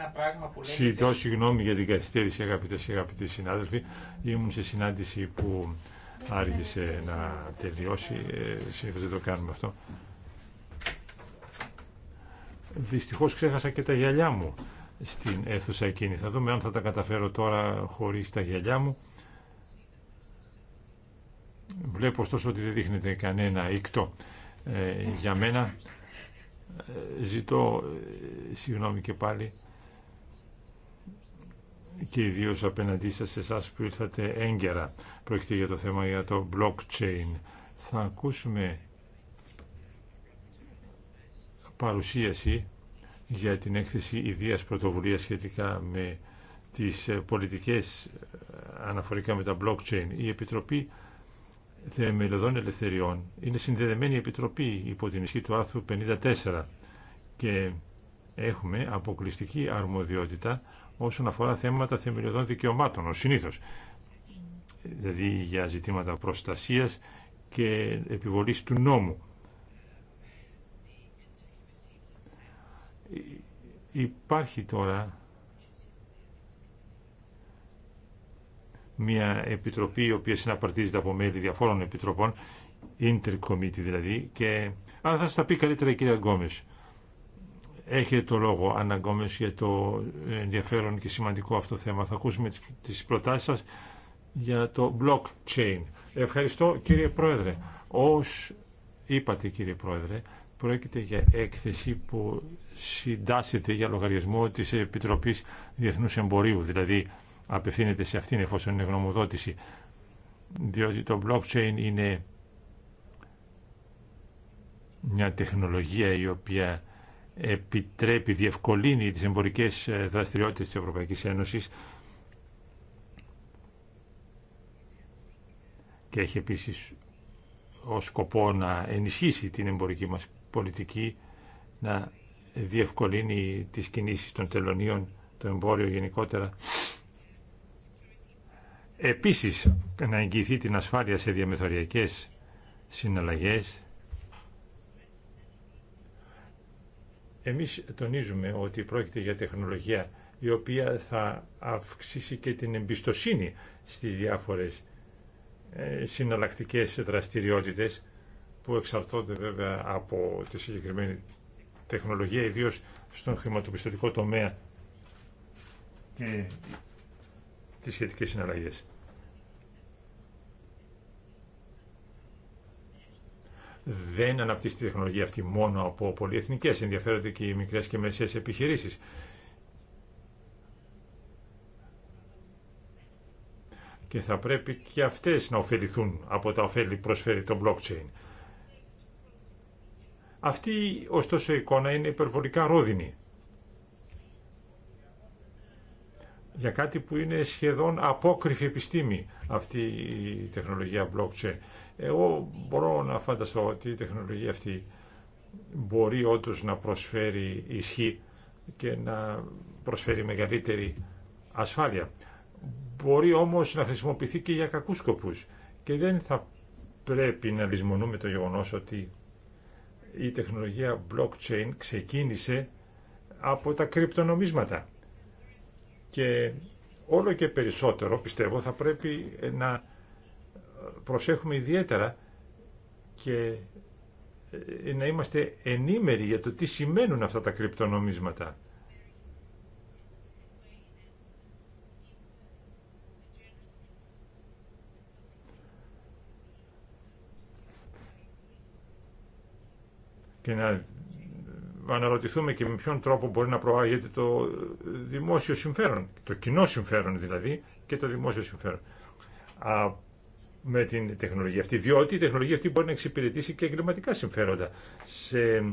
ένα πράγμα που λέγεται... Συντώ συγγνώμη για την καθυστέρηση αγαπητές και αγαπητοί συνάδελφοι. Ήμουν σε συνάντηση που άργησε να τελειώσει. Ε, δεν το κάνουμε αυτό. Δυστυχώς ξέχασα και τα γυαλιά μου στην αίθουσα εκείνη. Θα δούμε αν θα τα καταφέρω τώρα χωρίς τα γυαλιά μου. Βλέπω ωστόσο ότι δεν δείχνεται κανένα ήκτο. Ε, για μένα ε, ζητώ ε, συγγνώμη και πάλι και ιδίω απέναντί σας σε εσά που ήρθατε έγκαιρα. Πρόκειται για το θέμα για το blockchain. Θα ακούσουμε παρουσίαση για την έκθεση ιδίας πρωτοβουλίας σχετικά με τις πολιτικές ε, αναφορικά με τα blockchain. Η Επιτροπή Θεμελιωδών Ελευθεριών είναι συνδεδεμένη επιτροπή υπό την ισχύ του άρθρου 54 και έχουμε αποκλειστική αρμοδιότητα όσον αφορά θέματα θεμελιωδών δικαιωμάτων, ο συνήθως. Δηλαδή για ζητήματα προστασίας και επιβολής του νόμου. Υπάρχει τώρα μια επιτροπή η οποία συναπαρτίζεται από μέλη διαφόρων επιτροπών, intercommittee δηλαδή, αλλά θα σας τα πει καλύτερα η κυρία Γκόμες. Έχετε το λόγο, Άννα για το ενδιαφέρον και σημαντικό αυτό θέμα. Θα ακούσουμε τις προτάσεις σας για το blockchain. Ευχαριστώ, κύριε Πρόεδρε. Ως είπατε, κύριε Πρόεδρε, πρόκειται για έκθεση που συντάσσεται για λογαριασμό της Επιτροπής Διεθνούς Εμπορίου, δηλαδή απευθύνεται σε αυτήν εφόσον είναι γνωμοδότηση, διότι το blockchain είναι μια τεχνολογία η οποία επιτρέπει, διευκολύνει τις εμπορικές ε, δραστηριότητες της Ευρωπαϊκής Ένωσης και έχει επίσης ως σκοπό να ενισχύσει την εμπορική μας πολιτική, να διευκολύνει τις κινήσεις των τελωνίων, το εμπόριο γενικότερα. Επίσης, να εγγυηθεί την ασφάλεια σε διαμεθοριακές συναλλαγές, Εμείς τονίζουμε ότι πρόκειται για τεχνολογία η οποία θα αυξήσει και την εμπιστοσύνη στις διάφορες ε, συναλλακτικές δραστηριότητες που εξαρτώνται βέβαια από τη συγκεκριμένη τεχνολογία, ιδίως στον χρηματοπιστωτικό τομέα και τις σχετικές συναλλαγές. δεν αναπτύσσει τη τεχνολογία αυτή μόνο από πολυεθνικές, ενδιαφέρονται και οι μικρές και μεσαίες επιχειρήσεις. Και θα πρέπει και αυτές να ωφεληθούν από τα ωφέλη που προσφέρει το blockchain. Αυτή ωστόσο η εικόνα είναι υπερβολικά ρόδινη. για κάτι που είναι σχεδόν απόκριφη επιστήμη αυτή η τεχνολογία blockchain. Εγώ μπορώ να φανταστώ ότι η τεχνολογία αυτή μπορεί όντω να προσφέρει ισχύ και να προσφέρει μεγαλύτερη ασφάλεια. Μπορεί όμως να χρησιμοποιηθεί και για κακούς σκοπούς και δεν θα πρέπει να λησμονούμε το γεγονός ότι η τεχνολογία blockchain ξεκίνησε από τα κρυπτονομίσματα και όλο και περισσότερο πιστεύω θα πρέπει να προσέχουμε ιδιαίτερα και ε, να είμαστε ενήμεροι για το τι σημαίνουν αυτά τα κρυπτονομίσματα. Και να αναρωτηθούμε και με ποιον τρόπο μπορεί να προάγεται το δημόσιο συμφέρον, το κοινό συμφέρον δηλαδή και το δημόσιο συμφέρον με την τεχνολογία αυτή, διότι η τεχνολογία αυτή μπορεί να εξυπηρετήσει και εγκληματικά συμφέροντα σε ε,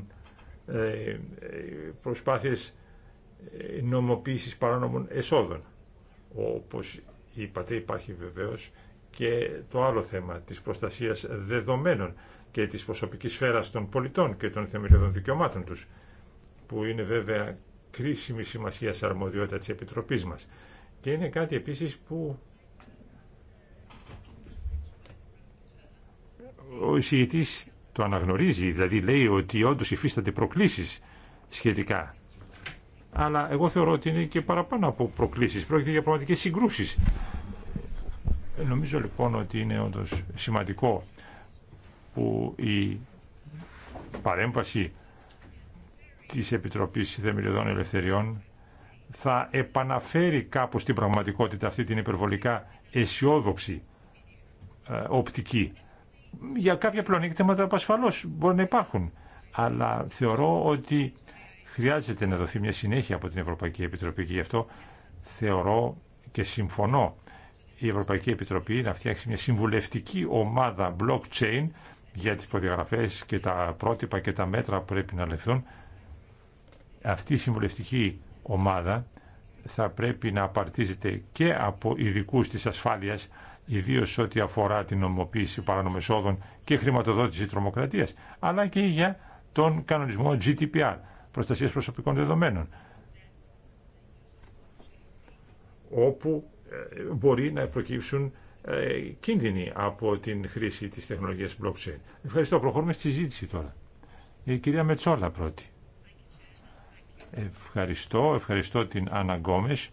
ε, προσπάθειες ε, νομοποίησης παράνομων εσόδων. Όπως είπατε υπάρχει βεβαίως και το άλλο θέμα της προστασίας δεδομένων και της προσωπικής σφαίρας των πολιτών και των θεμελιωδών δικαιωμάτων τους, που είναι βέβαια κρίσιμη σημασία αρμοδιότητα της Επιτροπής μας. Και είναι κάτι επίσης που ο εισηγητής το αναγνωρίζει, δηλαδή λέει ότι όντως υφίστανται προκλήσεις σχετικά. Αλλά εγώ θεωρώ ότι είναι και παραπάνω από προκλήσεις, πρόκειται για πραγματικές συγκρούσεις. Νομίζω λοιπόν ότι είναι όντω σημαντικό που η παρέμβαση της Επιτροπής Θεμελιωδών Ελευθεριών θα επαναφέρει κάπως την πραγματικότητα αυτή την υπερβολικά αισιόδοξη ε, οπτική για κάποια πλονίκτηματα ασφαλώ μπορεί να υπάρχουν. Αλλά θεωρώ ότι χρειάζεται να δοθεί μια συνέχεια από την Ευρωπαϊκή Επιτροπή και γι' αυτό θεωρώ και συμφωνώ η Ευρωπαϊκή Επιτροπή να φτιάξει μια συμβουλευτική ομάδα blockchain για τις προδιαγραφές και τα πρότυπα και τα μέτρα που πρέπει να λεφθούν. Αυτή η συμβουλευτική ομάδα θα πρέπει να απαρτίζεται και από ειδικού της ασφάλειας ιδίως ό,τι αφορά την νομοποίηση παρανομεσόδων και χρηματοδότηση τρομοκρατίας, αλλά και για τον κανονισμό GDPR, προστασία προσωπικών δεδομένων, όπου ε, μπορεί να προκύψουν ε, κίνδυνοι από την χρήση της τεχνολογίας blockchain. Ευχαριστώ. Προχωρούμε στη συζήτηση τώρα. Η κυρία Μετσόλα πρώτη. Ευχαριστώ. Ευχαριστώ την Άννα Γκόμες,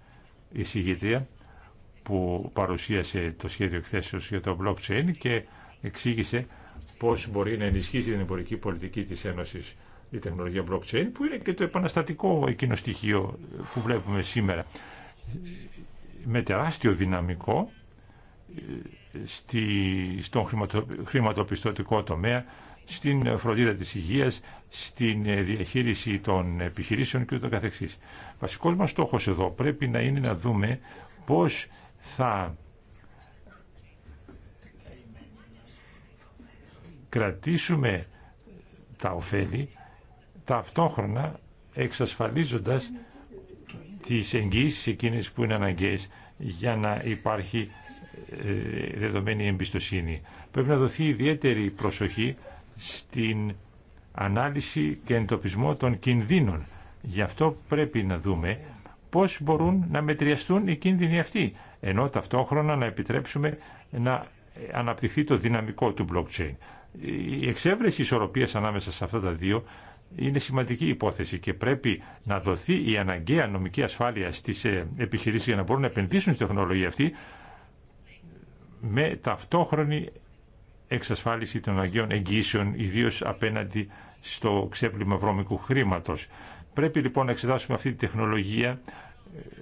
η συγγήτρια που παρουσίασε το σχέδιο εκθέσεως για το blockchain και εξήγησε πώς μπορεί να ενισχύσει την εμπορική πολιτική της Ένωσης η τεχνολογία blockchain που είναι και το επαναστατικό εκείνο στοιχείο που βλέπουμε σήμερα με τεράστιο δυναμικό ε, στη, στον χρηματοπιστωτικό τομέα, στην φροντίδα της υγείας, στην ε, διαχείριση των επιχειρήσεων και ούτω καθεξής. Βασικός μας στόχος εδώ πρέπει να είναι να δούμε πώς θα κρατήσουμε τα ωφέλη ταυτόχρονα εξασφαλίζοντας τις εγγύησεις εκείνες που είναι αναγκαίες για να υπάρχει ε, δεδομένη εμπιστοσύνη. Πρέπει να δοθεί ιδιαίτερη προσοχή στην ανάλυση και εντοπισμό των κινδύνων. Γι' αυτό πρέπει να δούμε πώς μπορούν να μετριαστούν οι κίνδυνοι αυτοί ενώ ταυτόχρονα να επιτρέψουμε να αναπτυχθεί το δυναμικό του blockchain. Η εξέβρεση ισορροπίας ανάμεσα σε αυτά τα δύο είναι σημαντική υπόθεση και πρέπει να δοθεί η αναγκαία νομική ασφάλεια στις ε, επιχειρήσεις για να μπορούν να επενδύσουν στη τεχνολογία αυτή με ταυτόχρονη εξασφάλιση των αναγκαίων εγγύσεων, ιδίως απέναντι στο ξέπλυμα βρώμικου χρήματος. Πρέπει λοιπόν να εξετάσουμε αυτή τη τεχνολογία ε,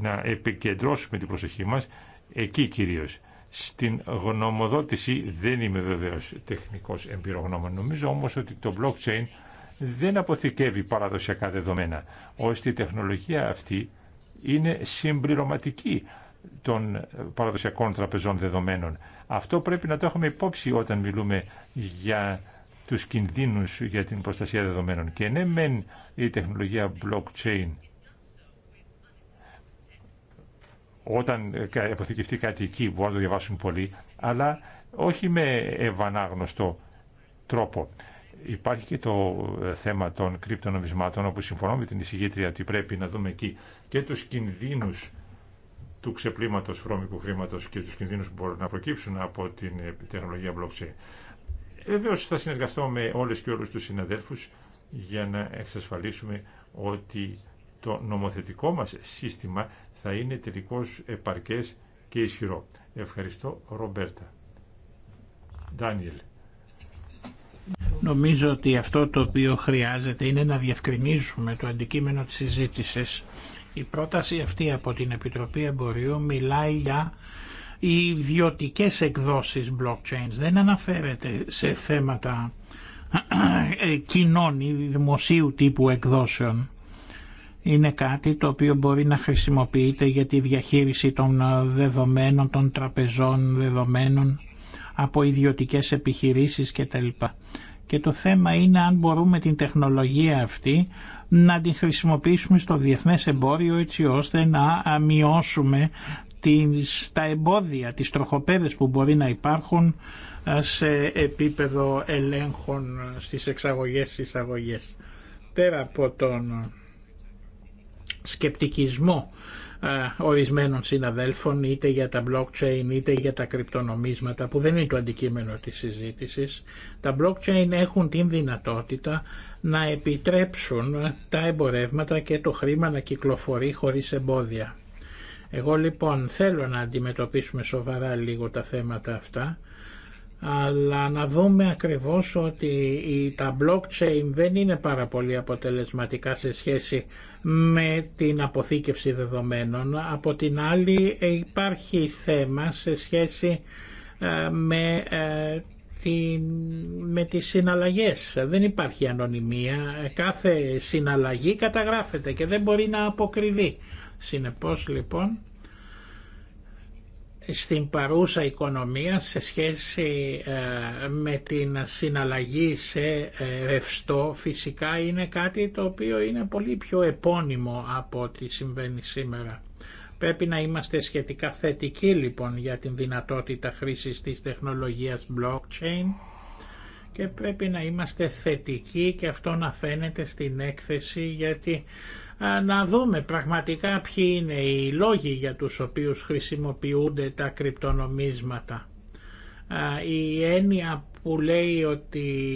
να επικεντρώσουμε την προσοχή μας εκεί κυρίως. Στην γνωμοδότηση δεν είμαι βεβαίω τεχνικός εμπειρογνώμων. Νομίζω όμως ότι το blockchain δεν αποθηκεύει παραδοσιακά δεδομένα, ώστε η τεχνολογία αυτή είναι συμπληρωματική των παραδοσιακών τραπεζών δεδομένων. Αυτό πρέπει να το έχουμε υπόψη όταν μιλούμε για τους κινδύνους για την προστασία δεδομένων. Και ναι, μεν η τεχνολογία blockchain όταν ε, αποθηκευτεί κάτι εκεί μπορεί να το διαβάσουν πολλοί, αλλά όχι με ευανάγνωστο τρόπο. Υπάρχει και το ε, θέμα των κρυπτονομισμάτων, όπου συμφωνώ με την εισηγήτρια ότι πρέπει να δούμε εκεί και τους κινδύνους του ξεπλήματος βρώμικου χρήματος και τους κινδύνους που μπορούν να προκύψουν από την ε, τεχνολογία blockchain. Βεβαίω θα συνεργαστώ με όλες και όλους τους συναδέλφους για να εξασφαλίσουμε ότι το νομοθετικό μας σύστημα θα είναι τελικώς επαρκές και ισχυρό. Ευχαριστώ, Ρομπέρτα. Ντάνιελ. Νομίζω ότι αυτό το οποίο χρειάζεται είναι να διευκρινίσουμε το αντικείμενο της συζήτησης. Η πρόταση αυτή από την Επιτροπή Εμπορίου μιλάει για ιδιωτικέ εκδόσεις blockchain. Δεν αναφέρεται σε θέματα ε, κοινών ή δημοσίου τύπου εκδόσεων είναι κάτι το οποίο μπορεί να χρησιμοποιείται για τη διαχείριση των ε, δεδομένων, των τραπεζών δεδομένων από ιδιωτικές επιχειρήσεις κτλ. Και το θέμα είναι αν μπορούμε την τεχνολογία αυτή να την χρησιμοποιήσουμε στο διεθνές εμπόριο έτσι ώστε να ε, μειώσουμε τις, τα εμπόδια, τις τροχοπέδες που μπορεί να υπάρχουν ε, σε επίπεδο ελέγχων στις εξαγωγές-εισαγωγές. Πέρα από τον σκεπτικισμό ε, ορισμένων συναδέλφων είτε για τα blockchain είτε για τα κρυπτονομίσματα που δεν είναι το αντικείμενο της συζήτησης. Τα blockchain έχουν την δυνατότητα να επιτρέψουν ε, τα εμπορεύματα και το χρήμα να κυκλοφορεί χωρίς εμπόδια. Εγώ λοιπόν θέλω να αντιμετωπίσουμε σοβαρά λίγο τα θέματα αυτά αλλά να δούμε ακριβώς ότι τα blockchain δεν είναι πάρα πολύ αποτελεσματικά σε σχέση με την αποθήκευση δεδομένων. Από την άλλη υπάρχει θέμα σε σχέση ε, με, ε, την, με τις συναλλαγές. Δεν υπάρχει ανωνυμία. Κάθε συναλλαγή καταγράφεται και δεν μπορεί να αποκριβεί. Συνεπώς λοιπόν στην παρούσα οικονομία σε σχέση ε, με την συναλλαγή σε ε, ρευστό φυσικά είναι κάτι το οποίο είναι πολύ πιο επώνυμο από ό,τι συμβαίνει σήμερα. Πρέπει να είμαστε σχετικά θετικοί λοιπόν για την δυνατότητα χρήσης της τεχνολογίας blockchain και πρέπει να είμαστε θετικοί και αυτό να φαίνεται στην έκθεση γιατί να δούμε πραγματικά ποιοι είναι οι λόγοι για τους οποίους χρησιμοποιούνται τα κρυπτονομίσματα. Η έννοια που λέει ότι,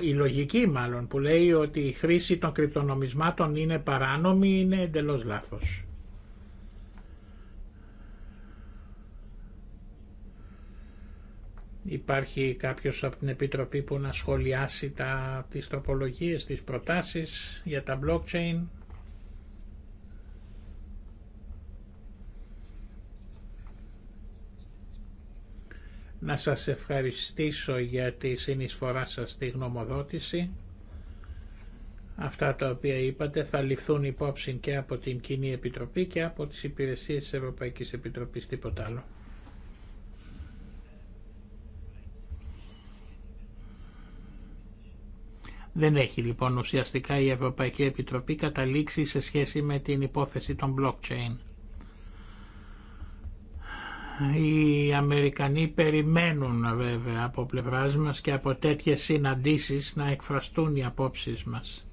η λογική μάλλον, που λέει ότι η χρήση των κρυπτονομισμάτων είναι παράνομη είναι εντελώς λάθος. Υπάρχει κάποιος από την Επιτροπή που να σχολιάσει τα, τις τροπολογίες, τις προτάσεις για τα blockchain. να σας ευχαριστήσω για τη συνεισφορά σας στη γνωμοδότηση. Αυτά τα οποία είπατε θα ληφθούν υπόψη και από την Κοινή Επιτροπή και από τις υπηρεσίες της Ευρωπαϊκής Επιτροπής, τίποτα άλλο. Δεν έχει λοιπόν ουσιαστικά η Ευρωπαϊκή Επιτροπή καταλήξει σε σχέση με την υπόθεση των blockchain. Οι Αμερικανοί περιμένουν βέβαια από πλευράς μας και από τέτοιες συναντήσεις να εκφραστούν οι απόψεις μας.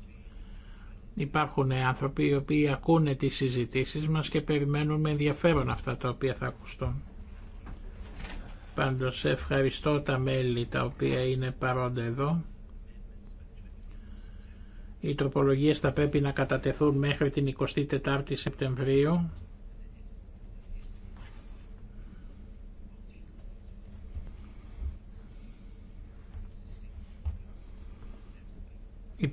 Υπάρχουν άνθρωποι οι οποίοι ακούνε τις συζητήσεις μας και περιμένουν με ενδιαφέρον αυτά τα οποία θα ακουστούν. Πάντως ευχαριστώ τα μέλη τα οποία είναι παρόντα εδώ. Οι τροπολογίες θα πρέπει να κατατεθούν μέχρι την 24η Σεπτεμβρίου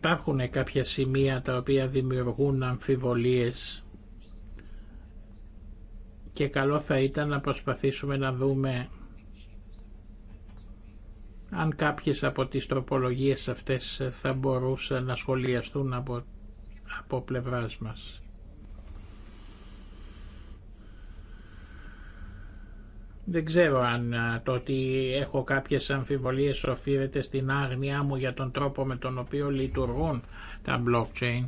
υπάρχουν κάποια σημεία τα οποία δημιουργούν αμφιβολίες και καλό θα ήταν να προσπαθήσουμε να δούμε αν κάποιες από τις τροπολογίες αυτές θα μπορούσαν να σχολιαστούν από, από πλευράς μας. Δεν ξέρω αν το ότι έχω κάποιες αμφιβολίες οφείλεται στην άγνοιά μου για τον τρόπο με τον οποίο λειτουργούν τα blockchain.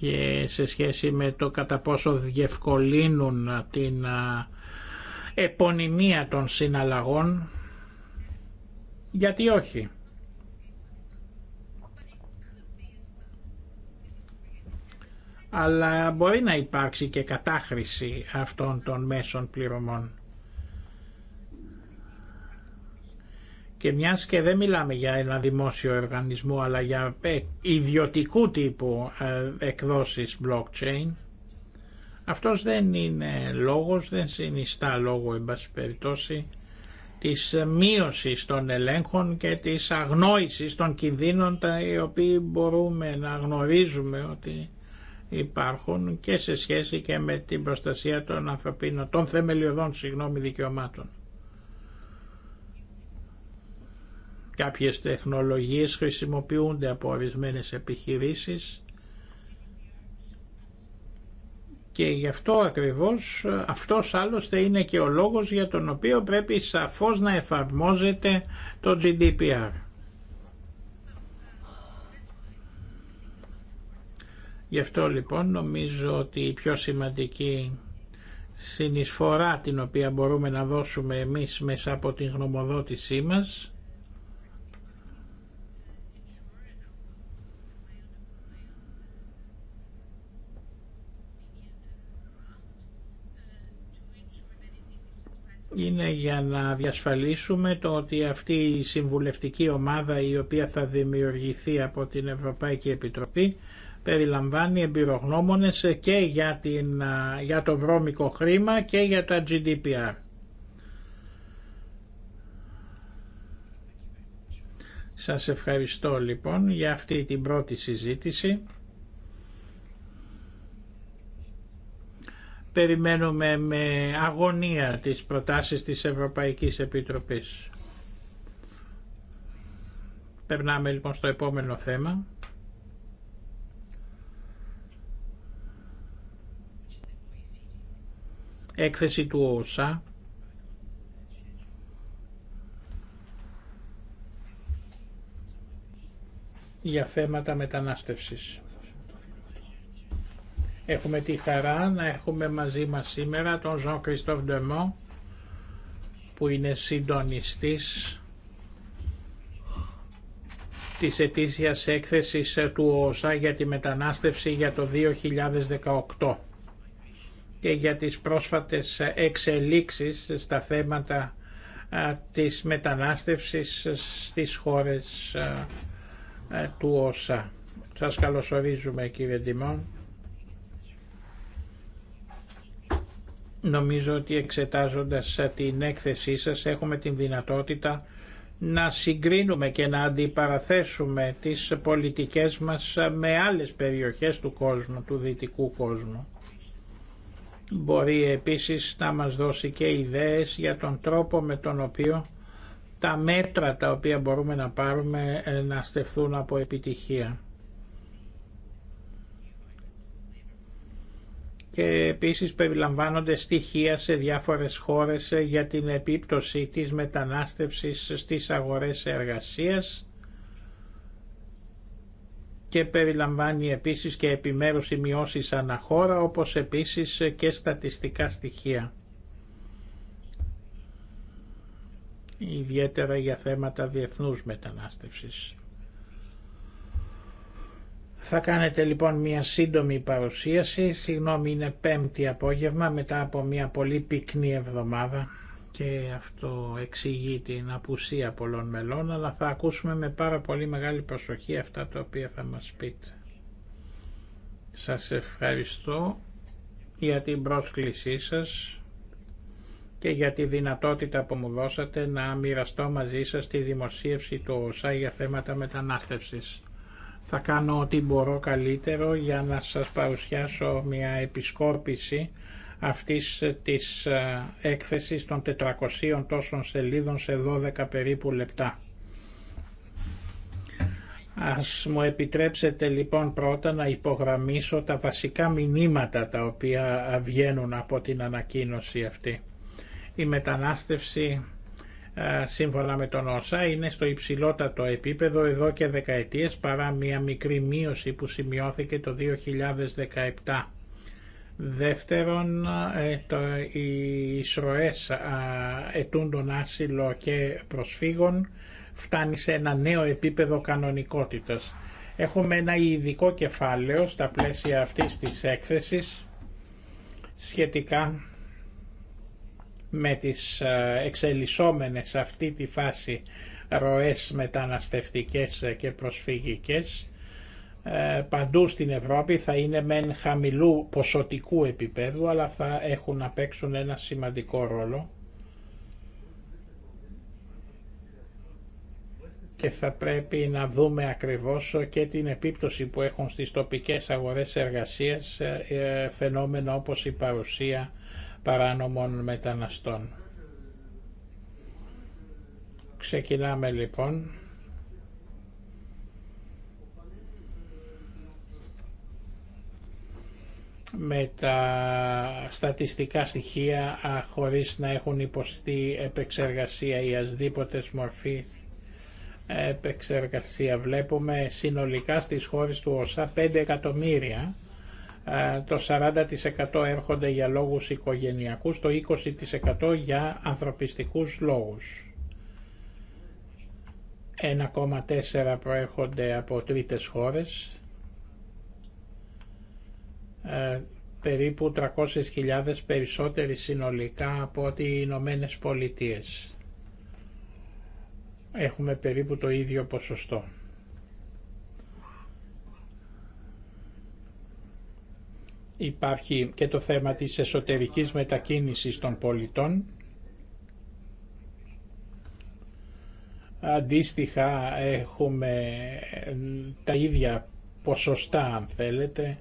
και σε σχέση με το κατά πόσο διευκολύνουν την επωνυμία των συναλλαγών γιατί όχι αλλά μπορεί να υπάρξει και κατάχρηση αυτών των μέσων πληρωμών. Και μιας και δεν μιλάμε για ένα δημόσιο οργανισμό, αλλά για ιδιωτικού τύπου ε, εκδόσεις blockchain, αυτός δεν είναι λόγος, δεν συνιστά λόγο, εν πάση περιπτώσει, της μείωσης των ελέγχων και της αγνόησης των κινδύνων τα οποία μπορούμε να γνωρίζουμε ότι υπάρχουν και σε σχέση και με την προστασία των ανθρωπίνων, των θεμελιωδών συγγνώμη, δικαιωμάτων. Κάποιες τεχνολογίες χρησιμοποιούνται από ορισμένε επιχειρήσεις και γι' αυτό ακριβώς αυτός άλλωστε είναι και ο λόγος για τον οποίο πρέπει σαφώς να εφαρμόζεται το GDPR. Γι' αυτό λοιπόν νομίζω ότι η πιο σημαντική συνεισφορά την οποία μπορούμε να δώσουμε εμείς μέσα από την γνωμοδότησή μας είναι για να διασφαλίσουμε το ότι αυτή η συμβουλευτική ομάδα η οποία θα δημιουργηθεί από την Ευρωπαϊκή Επιτροπή περιλαμβάνει εμπειρογνώμονες και για, την, για το βρώμικο χρήμα και για τα GDPR. Σας ευχαριστώ λοιπόν για αυτή την πρώτη συζήτηση. Περιμένουμε με αγωνία τις προτάσεις της Ευρωπαϊκής Επιτροπής. Περνάμε λοιπόν στο επόμενο θέμα. έκθεση του ΩΣΑ για θέματα μετανάστευσης. Έχουμε τη χαρά να έχουμε μαζί μας σήμερα τον Ζων Κριστόφ Ντεμό που είναι συντονιστής της ετήσιας έκθεσης του ΟΣΑ για τη μετανάστευση για το 2018 και για τις πρόσφατες εξελίξεις στα θέματα της μετανάστευσης στις χώρες του ΩΣΑ. Σας καλωσορίζουμε κύριε Τιμόν. Νομίζω ότι εξετάζοντας την έκθεσή σας έχουμε την δυνατότητα να συγκρίνουμε και να αντιπαραθέσουμε τις πολιτικές μας με άλλες περιοχές του κόσμου, του δυτικού κόσμου. Μπορεί επίσης να μας δώσει και ιδέες για τον τρόπο με τον οποίο τα μέτρα τα οποία μπορούμε να πάρουμε ε, να στεφθούν από επιτυχία. Και επίσης περιλαμβάνονται στοιχεία σε διάφορες χώρες ε, για την επίπτωση της μετανάστευσης στις αγορές εργασίας και περιλαμβάνει επίσης και επιμέρους σημειώσεις αναχώρα όπως επίσης και στατιστικά στοιχεία. Ιδιαίτερα για θέματα διεθνούς μετανάστευσης. Θα κάνετε λοιπόν μια σύντομη παρουσίαση, συγγνώμη είναι πέμπτη απόγευμα μετά από μια πολύ πυκνή εβδομάδα και αυτό εξηγεί την απουσία πολλών μελών, αλλά θα ακούσουμε με πάρα πολύ μεγάλη προσοχή αυτά τα οποία θα μας πείτε. Σας ευχαριστώ για την πρόσκλησή σας και για τη δυνατότητα που μου δώσατε να μοιραστώ μαζί σας τη δημοσίευση του ΩΣΑ για θέματα μετανάστευσης. Θα κάνω ό,τι μπορώ καλύτερο για να σας παρουσιάσω μια επισκόρπηση αυτής ε, της ε, έκθεσης των 400 τόσων σελίδων σε 12 περίπου λεπτά. Ας μου επιτρέψετε λοιπόν πρώτα να υπογραμμίσω τα βασικά μηνύματα τα οποία ε, βγαίνουν από την ανακοίνωση αυτή. Η μετανάστευση σύμφωνα με τον ΩΣΑ είναι στο υψηλότατο επίπεδο εδώ και δεκαετίες παρά μια μικρή μείωση που σημειώθηκε το 2017. Δεύτερον, ε, το, οι ισροές ετούντων άσυλο και προσφύγων φτάνει σε ένα νέο επίπεδο κανονικότητας. Έχουμε ένα ειδικό κεφάλαιο στα πλαίσια αυτής της έκθεσης σχετικά με τις ε, εξελισσόμενες αυτή τη φάση ροές μεταναστευτικές και προσφυγικές ε, παντού στην Ευρώπη θα είναι μεν χαμηλού ποσοτικού επίπεδου αλλά θα έχουν να παίξουν ένα σημαντικό ρόλο και θα πρέπει να δούμε ακριβώς και την επίπτωση που έχουν στις τοπικές αγορές εργασίας ε, ε, φαινόμενα όπως η παρουσία παράνομων μεταναστών. Ξεκινάμε λοιπόν. με τα στατιστικά στοιχεία α, να έχουν υποστεί επεξεργασία ή ασδήποτε μορφή επεξεργασία. Βλέπουμε συνολικά στις χώρες του ΩΣΑ 5 εκατομμύρια, το 40% έρχονται για λόγους οικογενειακούς, το 20% για ανθρωπιστικούς λόγους. 1,4 προέρχονται από τρίτες χώρες, ε, περίπου 300.000 περισσότεροι συνολικά από ότι οι Ηνωμένε Πολιτείε. Έχουμε περίπου το ίδιο ποσοστό. Υπάρχει και το θέμα της εσωτερικής μετακίνησης των πολιτών. Αντίστοιχα έχουμε τα ίδια ποσοστά αν θέλετε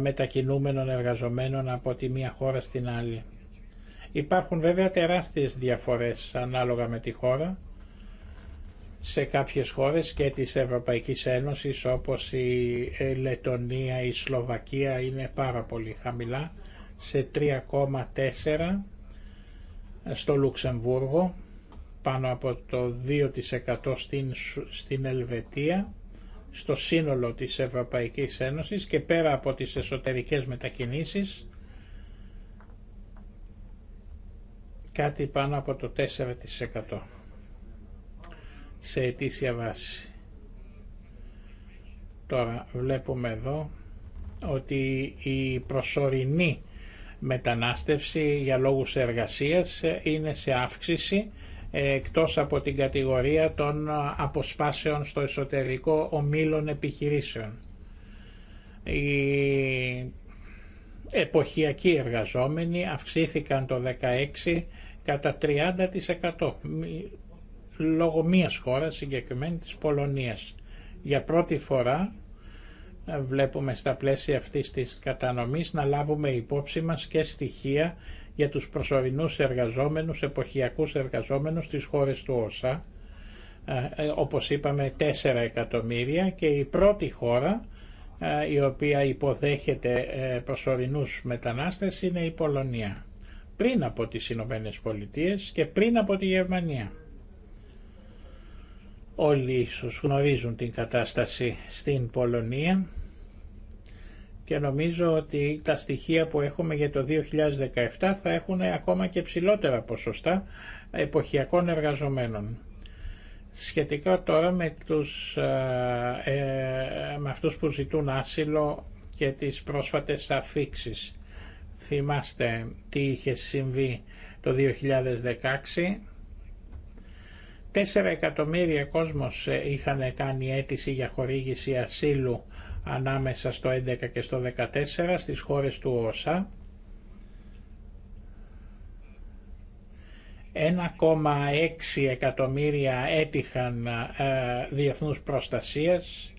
μετακινούμενων εργαζομένων από τη μία χώρα στην άλλη. Υπάρχουν βέβαια τεράστιες διαφορές ανάλογα με τη χώρα. Σε κάποιες χώρες και της Ευρωπαϊκής Ένωσης όπως η ε, Λετωνία, η Σλοβακία είναι πάρα πολύ χαμηλά σε 3,4 ε, στο Λουξεμβούργο πάνω από το 2% στην, στην Ελβετία στο σύνολο της Ευρωπαϊκής Ένωσης και πέρα από τις εσωτερικές μετακινήσεις κάτι πάνω από το 4% σε ετήσια βάση. Τώρα βλέπουμε εδώ ότι η προσωρινή μετανάστευση για λόγους εργασίας είναι σε αύξηση εκτός από την κατηγορία των αποσπάσεων στο εσωτερικό ομίλων επιχειρήσεων. Οι εποχιακοί εργαζόμενοι αυξήθηκαν το 16 κατά 30% λόγω μίας χώρας συγκεκριμένη της Πολωνίας. Για πρώτη φορά ε, βλέπουμε στα πλαίσια αυτής της κατανομής να λάβουμε υπόψη μας και στοιχεία για τους προσωρινούς εργαζόμενους, εποχιακούς εργαζόμενους στις χώρες του ΩΣΑ, ε, ε, όπως είπαμε 4 εκατομμύρια και η πρώτη χώρα ε, η οποία υποδέχεται προσωρινούς μετανάστες είναι η Πολωνία πριν από τις Ηνωμένε Πολιτείε και πριν από τη Γερμανία. Όλοι ίσως γνωρίζουν την κατάσταση στην Πολωνία και νομίζω ότι τα στοιχεία που έχουμε για το 2017 θα έχουν ακόμα και ψηλότερα ποσοστά εποχιακών εργαζομένων. Σχετικά τώρα με, τους, ε, ε, με αυτούς που ζητούν άσυλο και τις πρόσφατες αφήξεις. Θυμάστε τι είχε συμβεί το 2016. 4 εκατομμύρια κόσμος ε, είχαν κάνει αίτηση για χορήγηση ασύλου ανάμεσα στο 11 και στο 14 στις χώρες του όσα 1,6 εκατομμύρια έτυχαν ε, διεθνούς προστασίας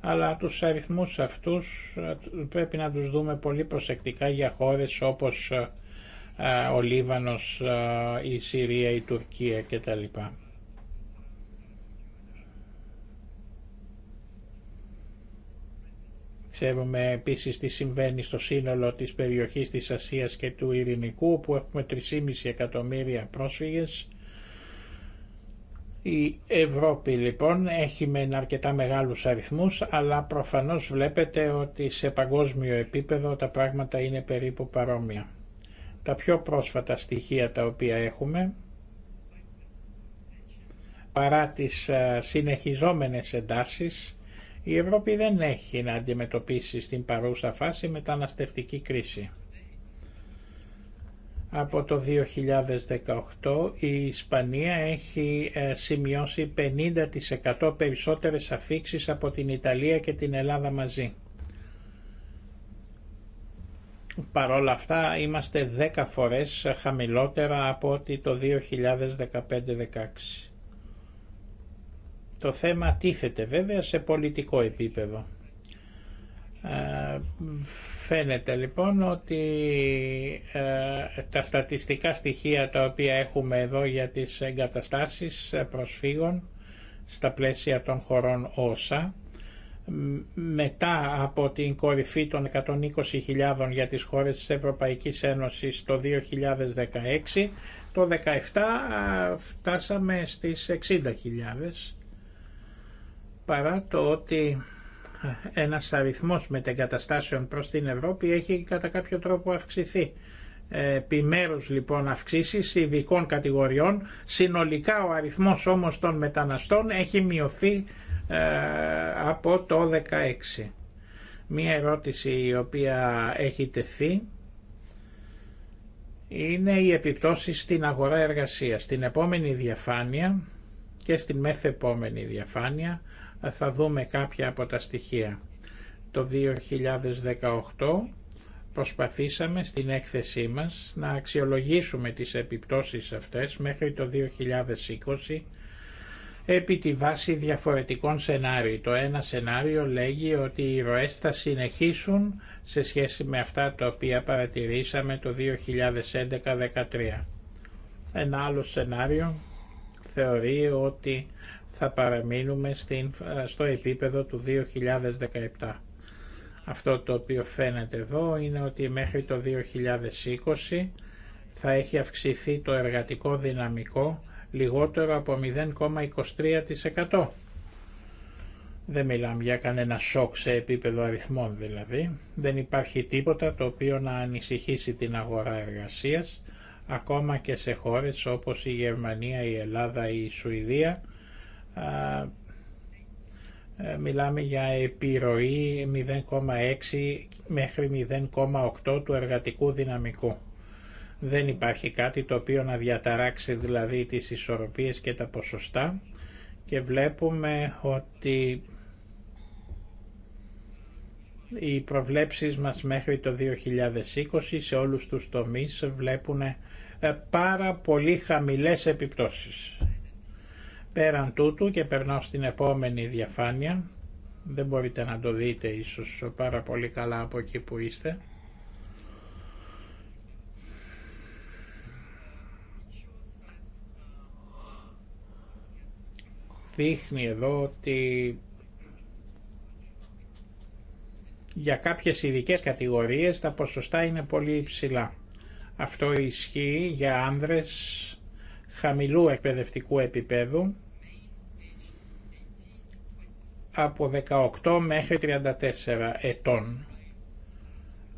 αλλά τους αριθμούς αυτούς ε, πρέπει να τους δούμε πολύ προσεκτικά για χώρες όπως ε, ο Λίβανος, η Συρία, η Τουρκία κτλ. Ξέρουμε επίσης τι συμβαίνει στο σύνολο της περιοχής της Ασίας και του Ειρηνικού που έχουμε 3,5 εκατομμύρια πρόσφυγες. Η Ευρώπη λοιπόν έχει με αρκετά μεγάλους αριθμούς αλλά προφανώς βλέπετε ότι σε παγκόσμιο επίπεδο τα πράγματα είναι περίπου παρόμοια. Τα πιο πρόσφατα στοιχεία τα οποία έχουμε παρά τις ε, συνεχιζόμενες εντάσεις η Ευρώπη δεν έχει να αντιμετωπίσει στην παρούσα φάση μεταναστευτική κρίση. Από το 2018 η Ισπανία έχει ε, σημειώσει 50% περισσότερες αφήξεις από την Ιταλία και την Ελλάδα μαζί. Παρόλα αυτά είμαστε 10 φορές χαμηλότερα από ότι το 2015-16. Το θέμα τίθεται βέβαια σε πολιτικό επίπεδο. Ε, φαίνεται λοιπόν ότι ε, τα στατιστικά στοιχεία τα οποία έχουμε εδώ για τις εγκαταστάσεις ε, προσφύγων στα πλαίσια των χωρών όσα μετά από την κορυφή των 120.000 για τις χώρες της Ευρωπαϊκής Ένωσης το 2016, το 2017 φτάσαμε στις 60.000 παρά το ότι ένας αριθμός μετεγκαταστάσεων προς την Ευρώπη έχει κατά κάποιο τρόπο αυξηθεί. Επιμέρους λοιπόν αυξήσεις ειδικών κατηγοριών, συνολικά ο αριθμός όμως των μεταναστών έχει μειωθεί ε, από το 16. Μία ερώτηση η οποία έχει τεθεί είναι η επιπτώσει στην αγορά εργασίας. Στην επόμενη διαφάνεια και στην μεθεπόμενη διαφάνεια θα δούμε κάποια από τα στοιχεία. Το 2018 προσπαθήσαμε στην έκθεσή μας να αξιολογήσουμε τις επιπτώσεις αυτές μέχρι το 2020 επί τη βάση διαφορετικών σενάριων. Το ένα σενάριο λέγει ότι οι ροές θα συνεχίσουν σε σχέση με αυτά τα οποία παρατηρήσαμε το 2011-2013. Ένα άλλο σενάριο θεωρεί ότι θα παραμείνουμε στην, ε, στο επίπεδο του 2017. Αυτό το οποίο φαίνεται εδώ είναι ότι μέχρι το 2020 θα έχει αυξηθεί το εργατικό δυναμικό λιγότερο από 0,23%. Δεν μιλάμε για κανένα σοκ σε επίπεδο αριθμών δηλαδή. Δεν υπάρχει τίποτα το οποίο να ανησυχήσει την αγορά εργασίας, ακόμα και σε χώρες όπως η Γερμανία, η Ελλάδα ή η Σουηδία, ε, μιλάμε για επιρροή 0,6 μέχρι 0,8 του εργατικού δυναμικού. Δεν υπάρχει κάτι το οποίο να διαταράξει δηλαδή τις ισορροπίες και τα ποσοστά και βλέπουμε ότι οι προβλέψεις μας μέχρι το 2020 σε όλους τους τομείς βλέπουν ε, πάρα πολύ χαμηλές επιπτώσεις. Πέραν τούτου και περνάω στην επόμενη διαφάνεια, δεν μπορείτε να το δείτε ίσως πάρα πολύ καλά από εκεί που είστε. Δείχνει εδώ ότι για κάποιες ειδικέ κατηγορίες τα ποσοστά είναι πολύ υψηλά. Αυτό ισχύει για άνδρες χαμηλού εκπαιδευτικού επίπεδου από 18 μέχρι 34 ετών.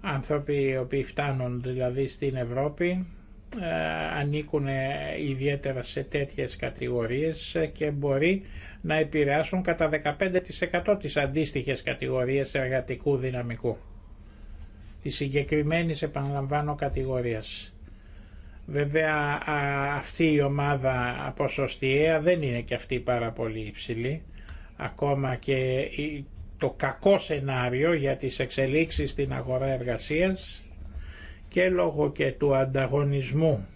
Άνθρωποι οι οποίοι φτάνουν δηλαδή στην Ευρώπη ε, ανήκουν ιδιαίτερα σε τέτοιες κατηγορίες και μπορεί να επηρεάσουν κατά 15% τις αντίστοιχες κατηγορίες εργατικού δυναμικού τη συγκεκριμένη επαναλαμβάνω κατηγορίας. Βέβαια αυτή η ομάδα ποσοστιαία δεν είναι και αυτή πάρα πολύ υψηλή ακόμα και το κακό σενάριο για τις εξελίξεις στην αγορά εργασίας και λόγω και του ανταγωνισμού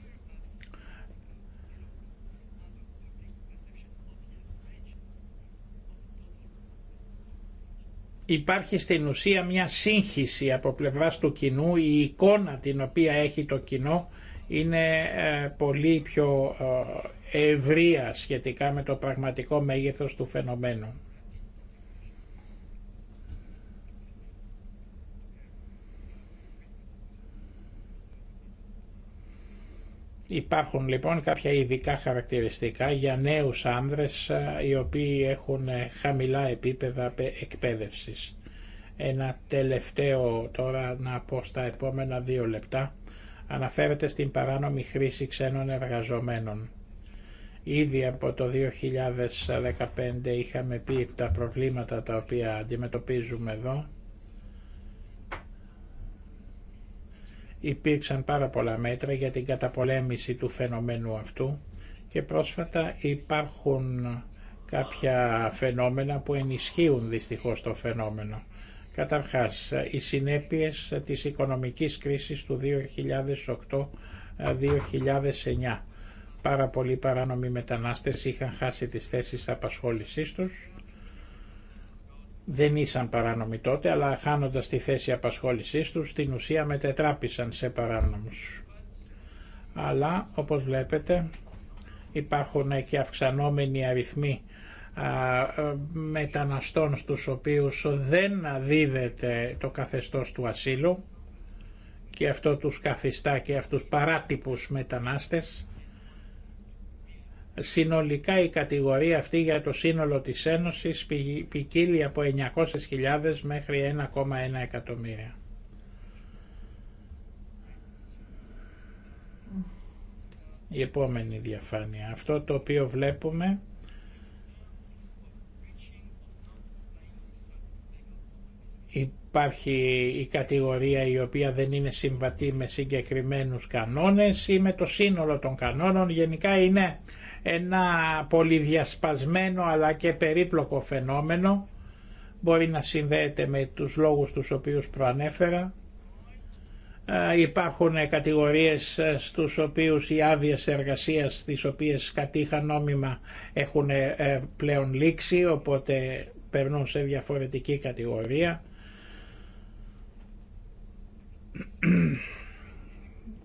υπάρχει στην ουσία μια σύγχυση από πλευράς του κοινού, η εικόνα την οποία έχει το κοινό είναι ε, πολύ πιο ε, ευρεία σχετικά με το πραγματικό μέγεθος του φαινομένου. Υπάρχουν λοιπόν κάποια ειδικά χαρακτηριστικά για νέους άνδρες οι οποίοι έχουν ε, χαμηλά επίπεδα εκπαίδευσης. Ένα τελευταίο τώρα να πω στα επόμενα δύο λεπτά αναφέρεται στην παράνομη χρήση ξένων εργαζομένων. Ήδη από το 2015 είχαμε πει τα προβλήματα τα οποία αντιμετωπίζουμε εδώ. Υπήρξαν πάρα πολλά μέτρα για την καταπολέμηση του φαινομένου αυτού και πρόσφατα υπάρχουν κάποια φαινόμενα που ενισχύουν δυστυχώς το φαινόμενο. Καταρχάς, οι συνέπειες της οικονομικής κρίσης του 2008-2009 Πάρα πολλοί παράνομοι μετανάστες είχαν χάσει τις θέσεις απασχόλησής τους. Δεν ήσαν παράνομοι τότε, αλλά χάνοντας τη θέση απασχόλησής τους, στην ουσία μετετράπησαν σε παράνομους. Αλλά, όπως βλέπετε, υπάρχουν και αυξανόμενοι αριθμοί μεταναστών στους οποίους δεν δίδεται το καθεστώς του ασύλου και αυτό τους καθιστά και αυτούς παράτυπους μετανάστες Συνολικά η κατηγορία αυτή για το σύνολο της Ένωσης ποικίλει από 900.000 μέχρι 1,1 εκατομμύρια. Η επόμενη διαφάνεια. Αυτό το οποίο βλέπουμε υπάρχει η κατηγορία η οποία δεν είναι συμβατή με συγκεκριμένους κανόνες ή με το σύνολο των κανόνων. Γενικά είναι ένα πολυδιασπασμένο αλλά και περίπλοκο φαινόμενο μπορεί να συνδέεται με τους λόγους τους οποίους προανέφερα. Ε, υπάρχουν κατηγορίες ε, στους οποίους οι άδειε εργασίας τις οποίες κατήχαν νόμιμα έχουν ε, πλέον λήξει οπότε περνούν σε διαφορετική κατηγορία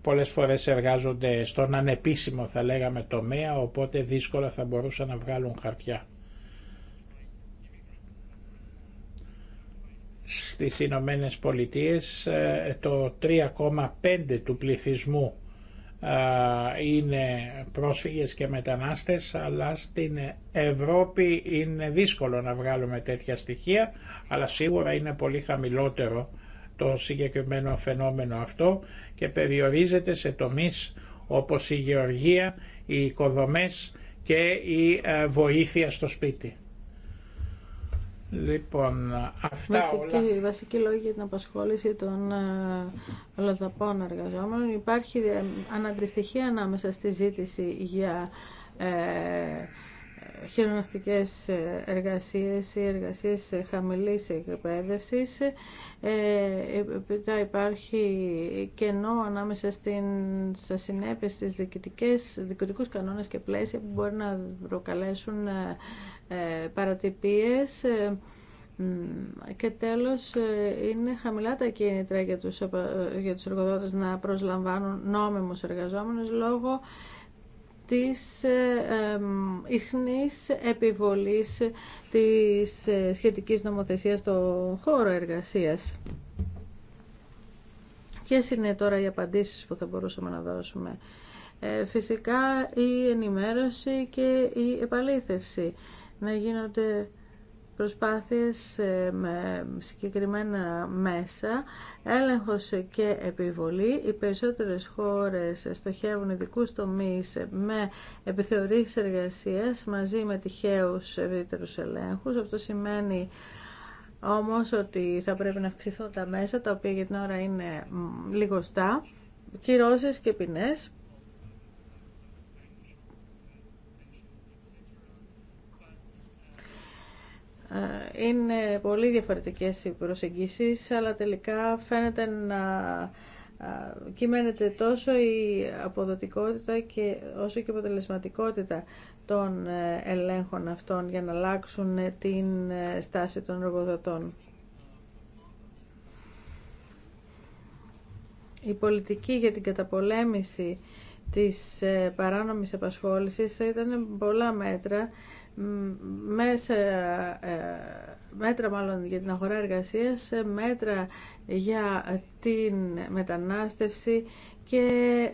πολλές φορές εργάζονται στον ανεπίσημο θα λέγαμε τομέα οπότε δύσκολα θα μπορούσαν να βγάλουν χαρτιά. Στις Ηνωμένε Πολιτείες ε, το 3,5 του πληθυσμού ε, είναι πρόσφυγες και μετανάστες αλλά στην Ευρώπη είναι δύσκολο να βγάλουμε τέτοια στοιχεία αλλά σίγουρα είναι πολύ χαμηλότερο το συγκεκριμένο φαινόμενο αυτό και περιορίζεται σε τομείς όπως η γεωργία, οι οικοδομές και η ε, βοήθεια στο σπίτι. Λοιπόν, αυτά βασική, όλα... λόγη για την απασχόληση των ε, λαδαπών εργαζόμενων. Υπάρχει ε, αναντιστοιχία ανάμεσα στη ζήτηση για ε, χειρονακτικές ε, εργασίες ή εργασίες ε, χαμηλής εκπαίδευση. Ε, Επειδή υπάρχει κενό ανάμεσα στην, στα συνέπειες στις διοικητικές, διοικητικούς κανόνες και πλαίσια που μπορεί να προκαλέσουν παρατυπίες και τέλος είναι χαμηλά τα κίνητρα για τους, για τους εργοδότες να προσλαμβάνουν νόμιμους εργαζόμενους λόγω της ιχνής ε, επιβολής της ε, σχετικής νομοθεσίας στον χώρο εργασίας. Ποιες είναι τώρα οι απαντήσεις που θα μπορούσαμε να δώσουμε. Ε, φυσικά η ενημέρωση και η επαλήθευση να γίνονται προσπάθειες ε, με συγκεκριμένα μέσα, έλεγχος και επιβολή. Οι περισσότερες χώρες στοχεύουν ειδικού τομεί με επιθεωρήσεις εργασίας μαζί με τυχαίους ευρύτερους ελέγχους. Αυτό σημαίνει όμως ότι θα πρέπει να αυξηθούν τα μέσα, τα οποία για την ώρα είναι λιγοστά, κυρώσεις και ποινές Ε, είναι πολύ διαφορετικές οι προσεγγίσεις, αλλά τελικά φαίνεται να ε, κυμαίνεται τόσο η αποδοτικότητα και όσο και η αποτελεσματικότητα των ε, ελέγχων αυτών για να αλλάξουν την στάση των εργοδοτών. Η πολιτική για την καταπολέμηση της παράνομης απασχόλησης ήταν πολλά μέτρα μέσα, ε, μέτρα μάλλον για την αγορά εργασίας, ε, μέτρα για την μετανάστευση και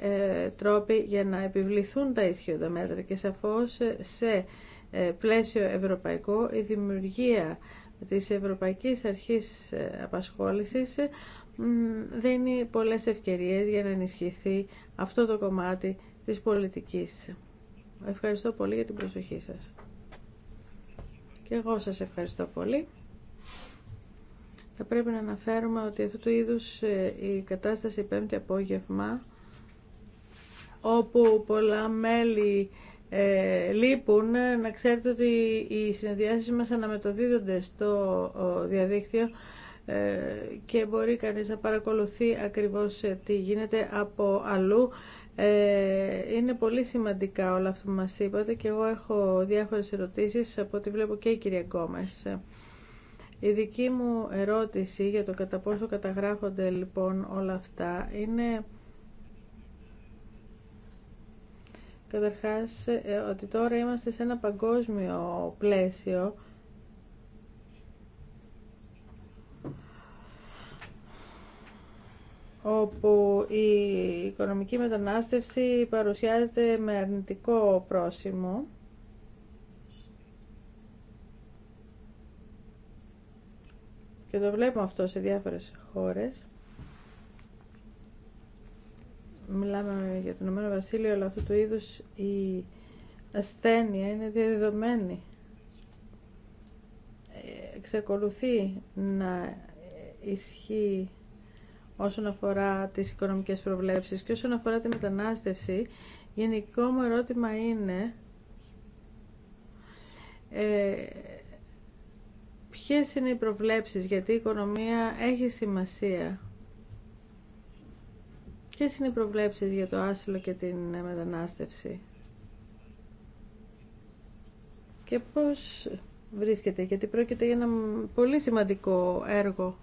ε, τρόποι για να επιβληθούν τα ισχύοντα μέτρα και σαφώς σε πλαίσιο ευρωπαϊκό η δημιουργία της Ευρωπαϊκής Αρχής Απασχόλησης δίνει πολλές ευκαιρίες για να ενισχυθεί αυτό το κομμάτι της πολιτικής. Ευχαριστώ πολύ για την προσοχή σας. Και εγώ σας ευχαριστώ πολύ. Θα πρέπει να αναφέρουμε ότι αυτού του είδους ε, η κατάσταση πέμπτη απόγευμα όπου πολλά μέλη ε, λείπουν, ε, να ξέρετε ότι οι συνεδριάσεις μας αναμετωδίδονται στο διαδίκτυο ε, και μπορεί κανείς να παρακολουθεί ακριβώς τι γίνεται από αλλού ε, είναι πολύ σημαντικά όλα αυτά που μας είπατε και εγώ έχω διάφορες ερωτήσεις από ό,τι βλέπω και η κυρία Γκόμες. Η δική μου ερώτηση για το κατά πόσο καταγράφονται λοιπόν όλα αυτά είναι καταρχάς ε, ότι τώρα είμαστε σε ένα παγκόσμιο πλαίσιο όπου η οικονομική μετανάστευση παρουσιάζεται με αρνητικό πρόσημο. Και το βλέπουμε αυτό σε διάφορες χώρες. Μιλάμε για το Ηνωμένο Βασίλειο, αλλά αυτού του είδους η ασθένεια είναι διαδεδομένη. Ε, εξακολουθεί να ισχύει όσον αφορά τις οικονομικές προβλέψεις και όσον αφορά τη μετανάστευση, γενικό μου ερώτημα είναι ε, ποιες είναι οι προβλέψεις, γιατί η οικονομία έχει σημασία. Ποιες είναι οι προβλέψεις για το άσυλο και την μετανάστευση. Και πώς βρίσκεται, γιατί πρόκειται για ένα πολύ σημαντικό έργο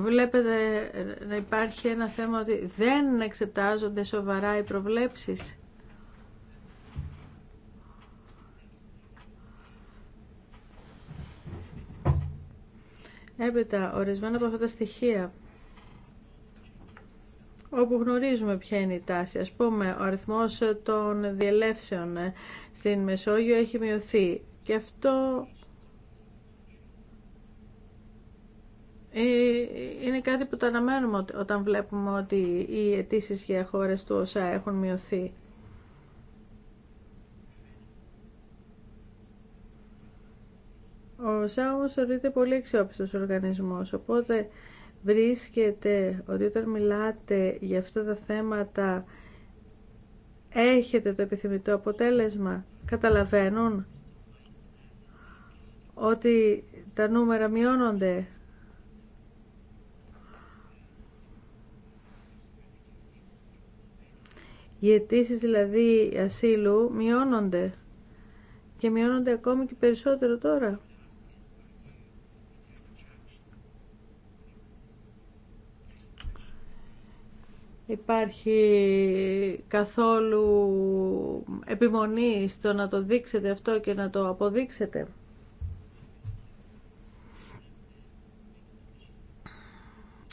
βλέπετε να υπάρχει ένα θέμα ότι δεν εξετάζονται σοβαρά οι προβλέψεις. Έπειτα, ορισμένα από αυτά τα στοιχεία, όπου γνωρίζουμε ποια είναι η τάση. Ας πούμε, ο αριθμός των διελεύσεων ε, στην Μεσόγειο έχει μειωθεί και αυτό Ε, είναι κάτι που το αναμένουμε όταν βλέπουμε ότι οι αιτήσει για χώρες του ΩΣΑ έχουν μειωθεί. Ο ΩΣΑ όμως θεωρείται πολύ αξιόπιστος οργανισμός, οπότε βρίσκεται ότι όταν μιλάτε για αυτά τα θέματα έχετε το επιθυμητό αποτέλεσμα. Καταλαβαίνουν ότι τα νούμερα μειώνονται Οι αιτήσει δηλαδή ασύλου μειώνονται και μειώνονται ακόμη και περισσότερο τώρα. Υπάρχει καθόλου επιμονή στο να το δείξετε αυτό και να το αποδείξετε.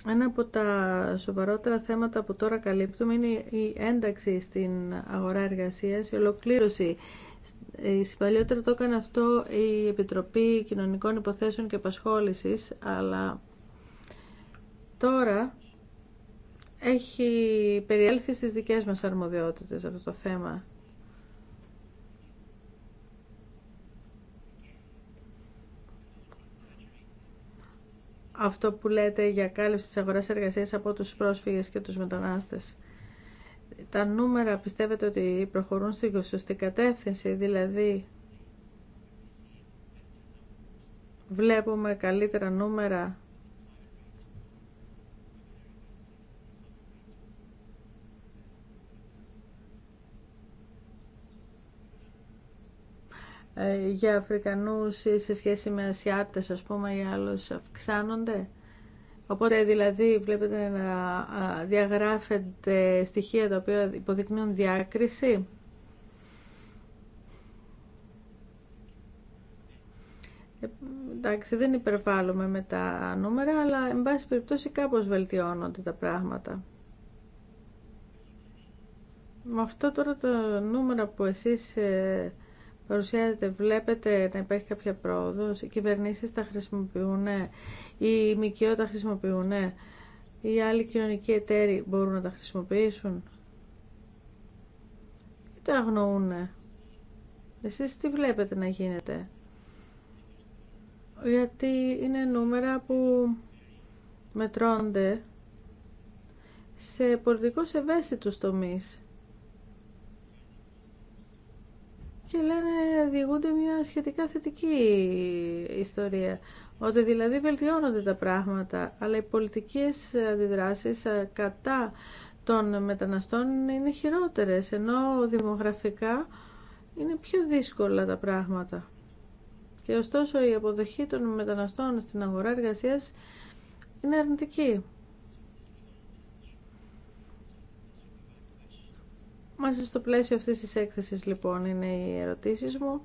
Ένα από τα σοβαρότερα θέματα που τώρα καλύπτουμε είναι η ένταξη στην αγορά εργασίας, η ολοκλήρωση. Παλιότερα το έκανε αυτό η Επιτροπή Κοινωνικών Υποθέσεων και Επασχόλησης, αλλά τώρα έχει περιέλθει στις δικές μας αρμοδιότητες αυτό το θέμα. αυτό που λέτε για κάλυψη της αγοράς εργασίας από τους πρόσφυγες και τους μετανάστες. Τα νούμερα πιστεύετε ότι προχωρούν στην σωστή κατεύθυνση, δηλαδή βλέπουμε καλύτερα νούμερα Ε, για Αφρικανούς ή σε σχέση με Ασιάτες ας πούμε ή άλλους αυξάνονται. Οπότε δηλαδή βλέπετε να διαγράφεται στοιχεία τα οποία υποδεικνύουν διάκριση. Ε, εντάξει, δεν υπερβάλλουμε με τα νούμερα, αλλά εν πάση περιπτώσει κάπως βελτιώνονται τα πράγματα. Με αυτό τώρα το νούμερα που εσείς ε, παρουσιάζεται, βλέπετε να υπάρχει κάποια πρόοδος, οι κυβερνήσεις τα χρησιμοποιούν, οι ΜΚΟ τα χρησιμοποιούν, οι άλλοι κοινωνικοί εταίροι μπορούν να τα χρησιμοποιήσουν ή τα αγνοούν. Εσείς τι βλέπετε να γίνεται. Γιατί είναι νούμερα που μετρώνται σε πολιτικώς ευαίσθητους τομείς. και λένε διηγούνται μια σχετικά θετική ιστορία. Ότι δηλαδή βελτιώνονται τα πράγματα, αλλά οι πολιτικές αντιδράσεις ε, κατά των μεταναστών είναι χειρότερες, ενώ δημογραφικά είναι πιο δύσκολα τα πράγματα. Και ωστόσο η αποδοχή των μεταναστών στην αγορά εργασίας είναι αρνητική. Μέσα στο πλαίσιο αυτής της έκθεσης λοιπόν είναι οι ερωτήσεις μου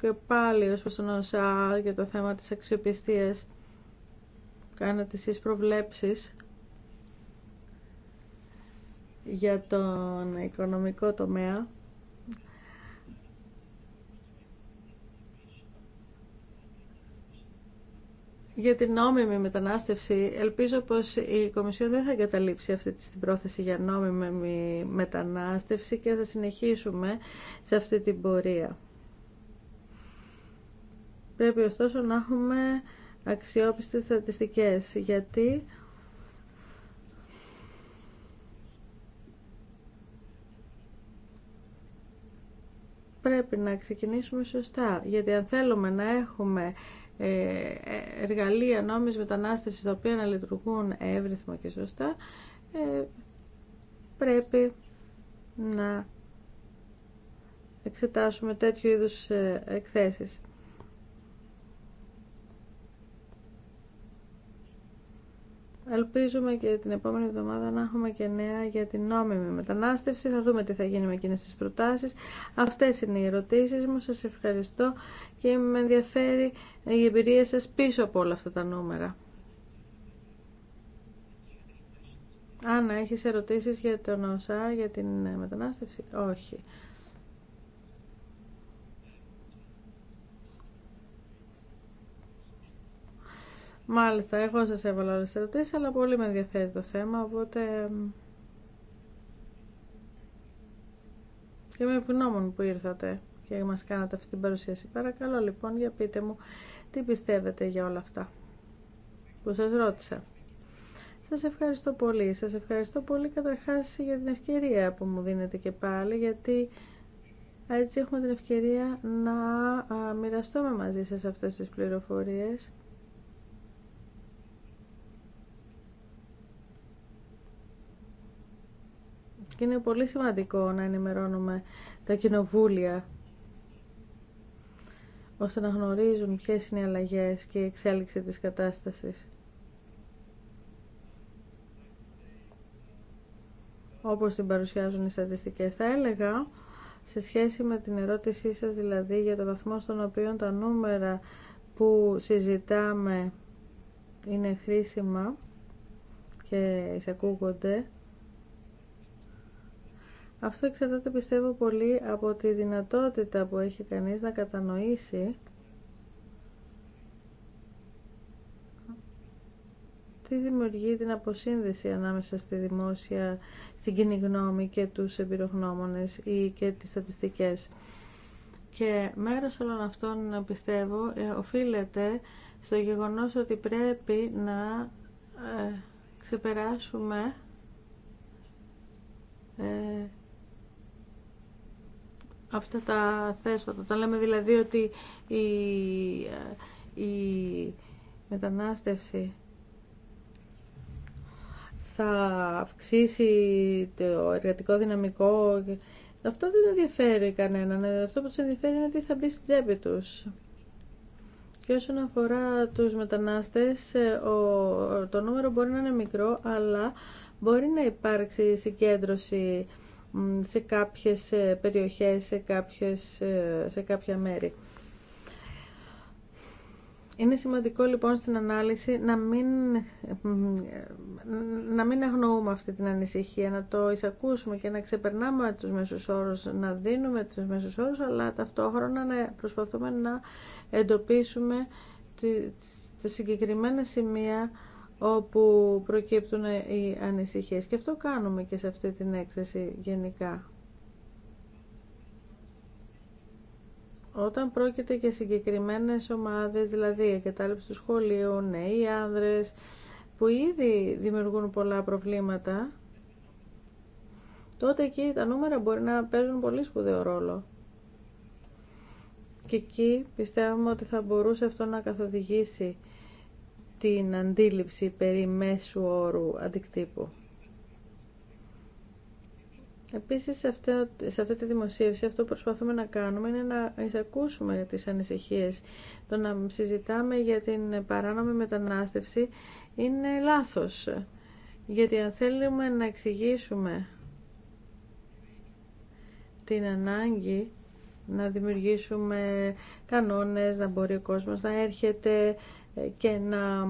και πάλι ως προς τον ΩΣΑ για το θέμα της αξιοπιστίας κάνετε εσείς προβλέψεις για τον οικονομικό τομέα Για την νόμιμη μετανάστευση, ελπίζω πως η Κομισιόν δεν θα εγκαταλείψει αυτή την πρόθεση για νόμιμη μετανάστευση και θα συνεχίσουμε σε αυτή την πορεία. Πρέπει ωστόσο να έχουμε αξιόπιστες στατιστικές, γιατί πρέπει να ξεκινήσουμε σωστά. Γιατί αν θέλουμε να έχουμε ε, εργαλεία νόμιμης μετανάστευσης τα οποία να λειτουργούν εύρυθμα και σωστά ε, πρέπει να εξετάσουμε τέτοιου είδους ε, εκθέσεις. Ελπίζουμε και την επόμενη εβδομάδα να έχουμε και νέα για την νόμιμη μετανάστευση. Θα δούμε τι θα γίνει με εκείνες τις προτάσεις. Αυτές είναι οι ερωτήσεις μου. Σας ευχαριστώ και με ενδιαφέρει η εμπειρία σας πίσω από όλα αυτά τα νούμερα. Άννα, έχεις ερωτήσεις για τον ΟΣΑ, για την μετανάστευση. Όχι. Μάλιστα, εγώ σας έβαλα όλες τις ερωτήσεις, αλλά πολύ με ενδιαφέρει το θέμα, οπότε... Και είμαι ευγνώμων που ήρθατε και μας κάνατε αυτή την παρουσίαση. Παρακαλώ λοιπόν για πείτε μου τι πιστεύετε για όλα αυτά που σας ρώτησα. Σας ευχαριστώ πολύ. Σας ευχαριστώ πολύ καταρχάς για την ευκαιρία που μου δίνετε και πάλι γιατί έτσι έχουμε την ευκαιρία να μοιραστούμε μαζί σας αυτές τις πληροφορίες. είναι πολύ σημαντικό να ενημερώνουμε τα κοινοβούλια ώστε να γνωρίζουν ποιες είναι οι αλλαγές και η εξέλιξη της κατάστασης. Όπως την παρουσιάζουν οι στατιστικές, θα έλεγα, σε σχέση με την ερώτησή σας δηλαδή για το βαθμό στον οποίο τα νούμερα που συζητάμε είναι χρήσιμα και εισακούγονται, αυτό εξαρτάται πιστεύω πολύ από τη δυνατότητα που έχει κανείς να κατανοήσει τι δημιουργεί την αποσύνδεση ανάμεσα στη δημόσια, στην κοινή γνώμη και τους εμπειρογνώμονες ή και τις στατιστικές. Και μέρος όλων αυτών πιστεύω ε, οφείλεται στο γεγονός ότι πρέπει να ε, ξεπεράσουμε ε, αυτά τα θέσματα. Τα λέμε δηλαδή ότι η, ε, η μετανάστευση θα αυξήσει το εργατικό δυναμικό, αυτό δεν ενδιαφέρει κανέναν. Αυτό που τους ενδιαφέρει είναι τι θα μπει στην τσέπη τους. Και όσον αφορά τους μετανάστες, ε, το νούμερο μπορεί να είναι μικρό, αλλά μπορεί να υπάρξει συγκέντρωση σε κάποιες ε, περιοχές, σε, κάποιες, ε, σε κάποια μέρη. Είναι σημαντικό λοιπόν στην ανάλυση να μην, να μην αγνοούμε αυτή την ανησυχία, να το εισακούσουμε και να ξεπερνάμε τους μέσους όρους, να δίνουμε τους μέσους όρους, αλλά ταυτόχρονα να προσπαθούμε να εντοπίσουμε τα συγκεκριμένα σημεία όπου προκύπτουν οι ανησυχίες. Και αυτό κάνουμε και σε αυτή την έκθεση γενικά. Όταν πρόκειται για συγκεκριμένες ομάδες, δηλαδή εγκατάλειψη του σχολείου, νέοι άνδρες, που ήδη δημιουργούν πολλά προβλήματα, τότε εκεί τα νούμερα μπορεί να παίζουν πολύ σπουδαίο ρόλο. Και εκεί πιστεύουμε ότι θα μπορούσε αυτό να καθοδηγήσει την αντίληψη περί μέσου όρου αντικτύπου. Επίσης σε, σε αυτή τη δημοσίευση αυτό που προσπαθούμε να κάνουμε είναι να εισακούσουμε τις ανησυχίες. Το να συζητάμε για την παράνομη μετανάστευση είναι λάθος. Γιατί αν θέλουμε να εξηγήσουμε την ανάγκη να δημιουργήσουμε κανόνες, να μπορεί ο κόσμος να έρχεται, και να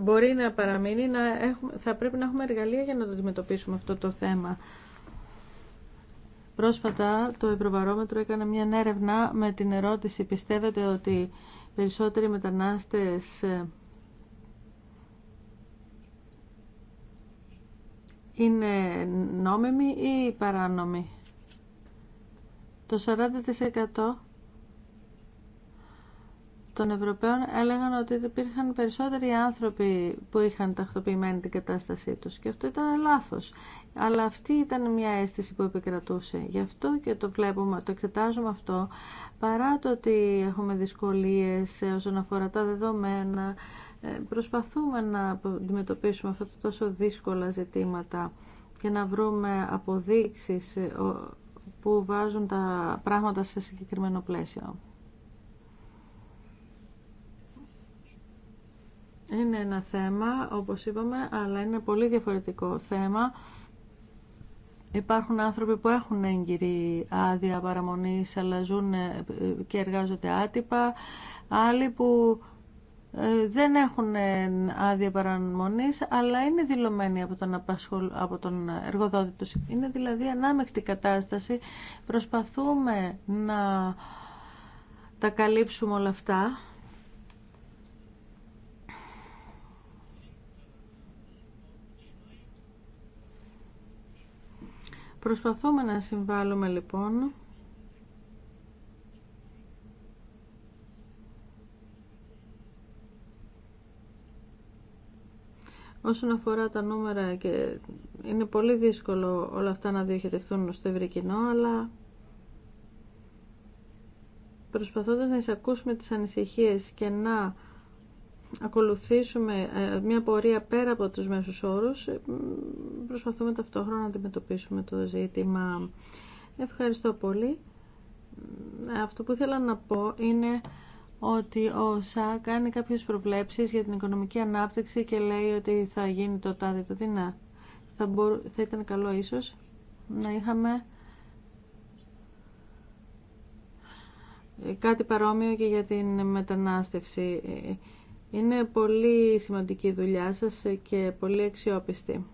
μπορεί να παραμείνει, να έχουμε, θα πρέπει να έχουμε εργαλεία για να το αντιμετωπίσουμε αυτό το θέμα. Πρόσφατα το Ευρωβαρόμετρο έκανε μια έρευνα με την ερώτηση «Πιστεύετε ότι περισσότεροι μετανάστες ε, είναι νόμιμοι ή παράνομοι» Το 40% των Ευρωπαίων έλεγαν ότι υπήρχαν περισσότεροι άνθρωποι που είχαν τακτοποιημένη την κατάστασή τους και αυτό ήταν λάθος. Αλλά αυτή ήταν μια αίσθηση που επικρατούσε. Γι' αυτό και το βλέπουμε, το εξετάζουμε αυτό, παρά το ότι έχουμε δυσκολίες όσον αφορά τα δεδομένα, ε, προσπαθούμε να αντιμετωπίσουμε αυτά τα τόσο δύσκολα ζητήματα και να βρούμε αποδείξεις ε, που βάζουν τα πράγματα σε συγκεκριμένο πλαίσιο. Είναι ένα θέμα, όπως είπαμε, αλλά είναι πολύ διαφορετικό θέμα. Υπάρχουν άνθρωποι που έχουν έγκυρη άδεια παραμονής, αλλά ζουν και εργάζονται άτυπα. Άλλοι που ε, δεν έχουν ε, άδεια παραμονής, αλλά είναι δηλωμένοι από τον, απασχολ, από τον εργοδότη τους. Είναι δηλαδή ανάμεκτη κατάσταση. Προσπαθούμε να τα καλύψουμε όλα αυτά. Προσπαθούμε να συμβάλλουμε λοιπόν Όσον αφορά τα νούμερα, και είναι πολύ δύσκολο όλα αυτά να διοχετευθούν στο ευρύ κοινό, αλλά προσπαθώντας να εισακούσουμε τις ανησυχίες και να ακολουθήσουμε ε, μια πορεία πέρα από τους μέσους όρους, ε, προσπαθούμε ταυτόχρονα να αντιμετωπίσουμε το ζήτημα. Ευχαριστώ πολύ. Ε, αυτό που ήθελα να πω είναι ότι ο ΣΑ κάνει κάποιες προβλέψεις για την οικονομική ανάπτυξη και λέει ότι θα γίνει το τάδε το δεινά. Θα, θα ήταν καλό ίσως να είχαμε κάτι παρόμοιο και για την μετανάστευση. Είναι πολύ σημαντική η δουλειά σας και πολύ αξιόπιστη.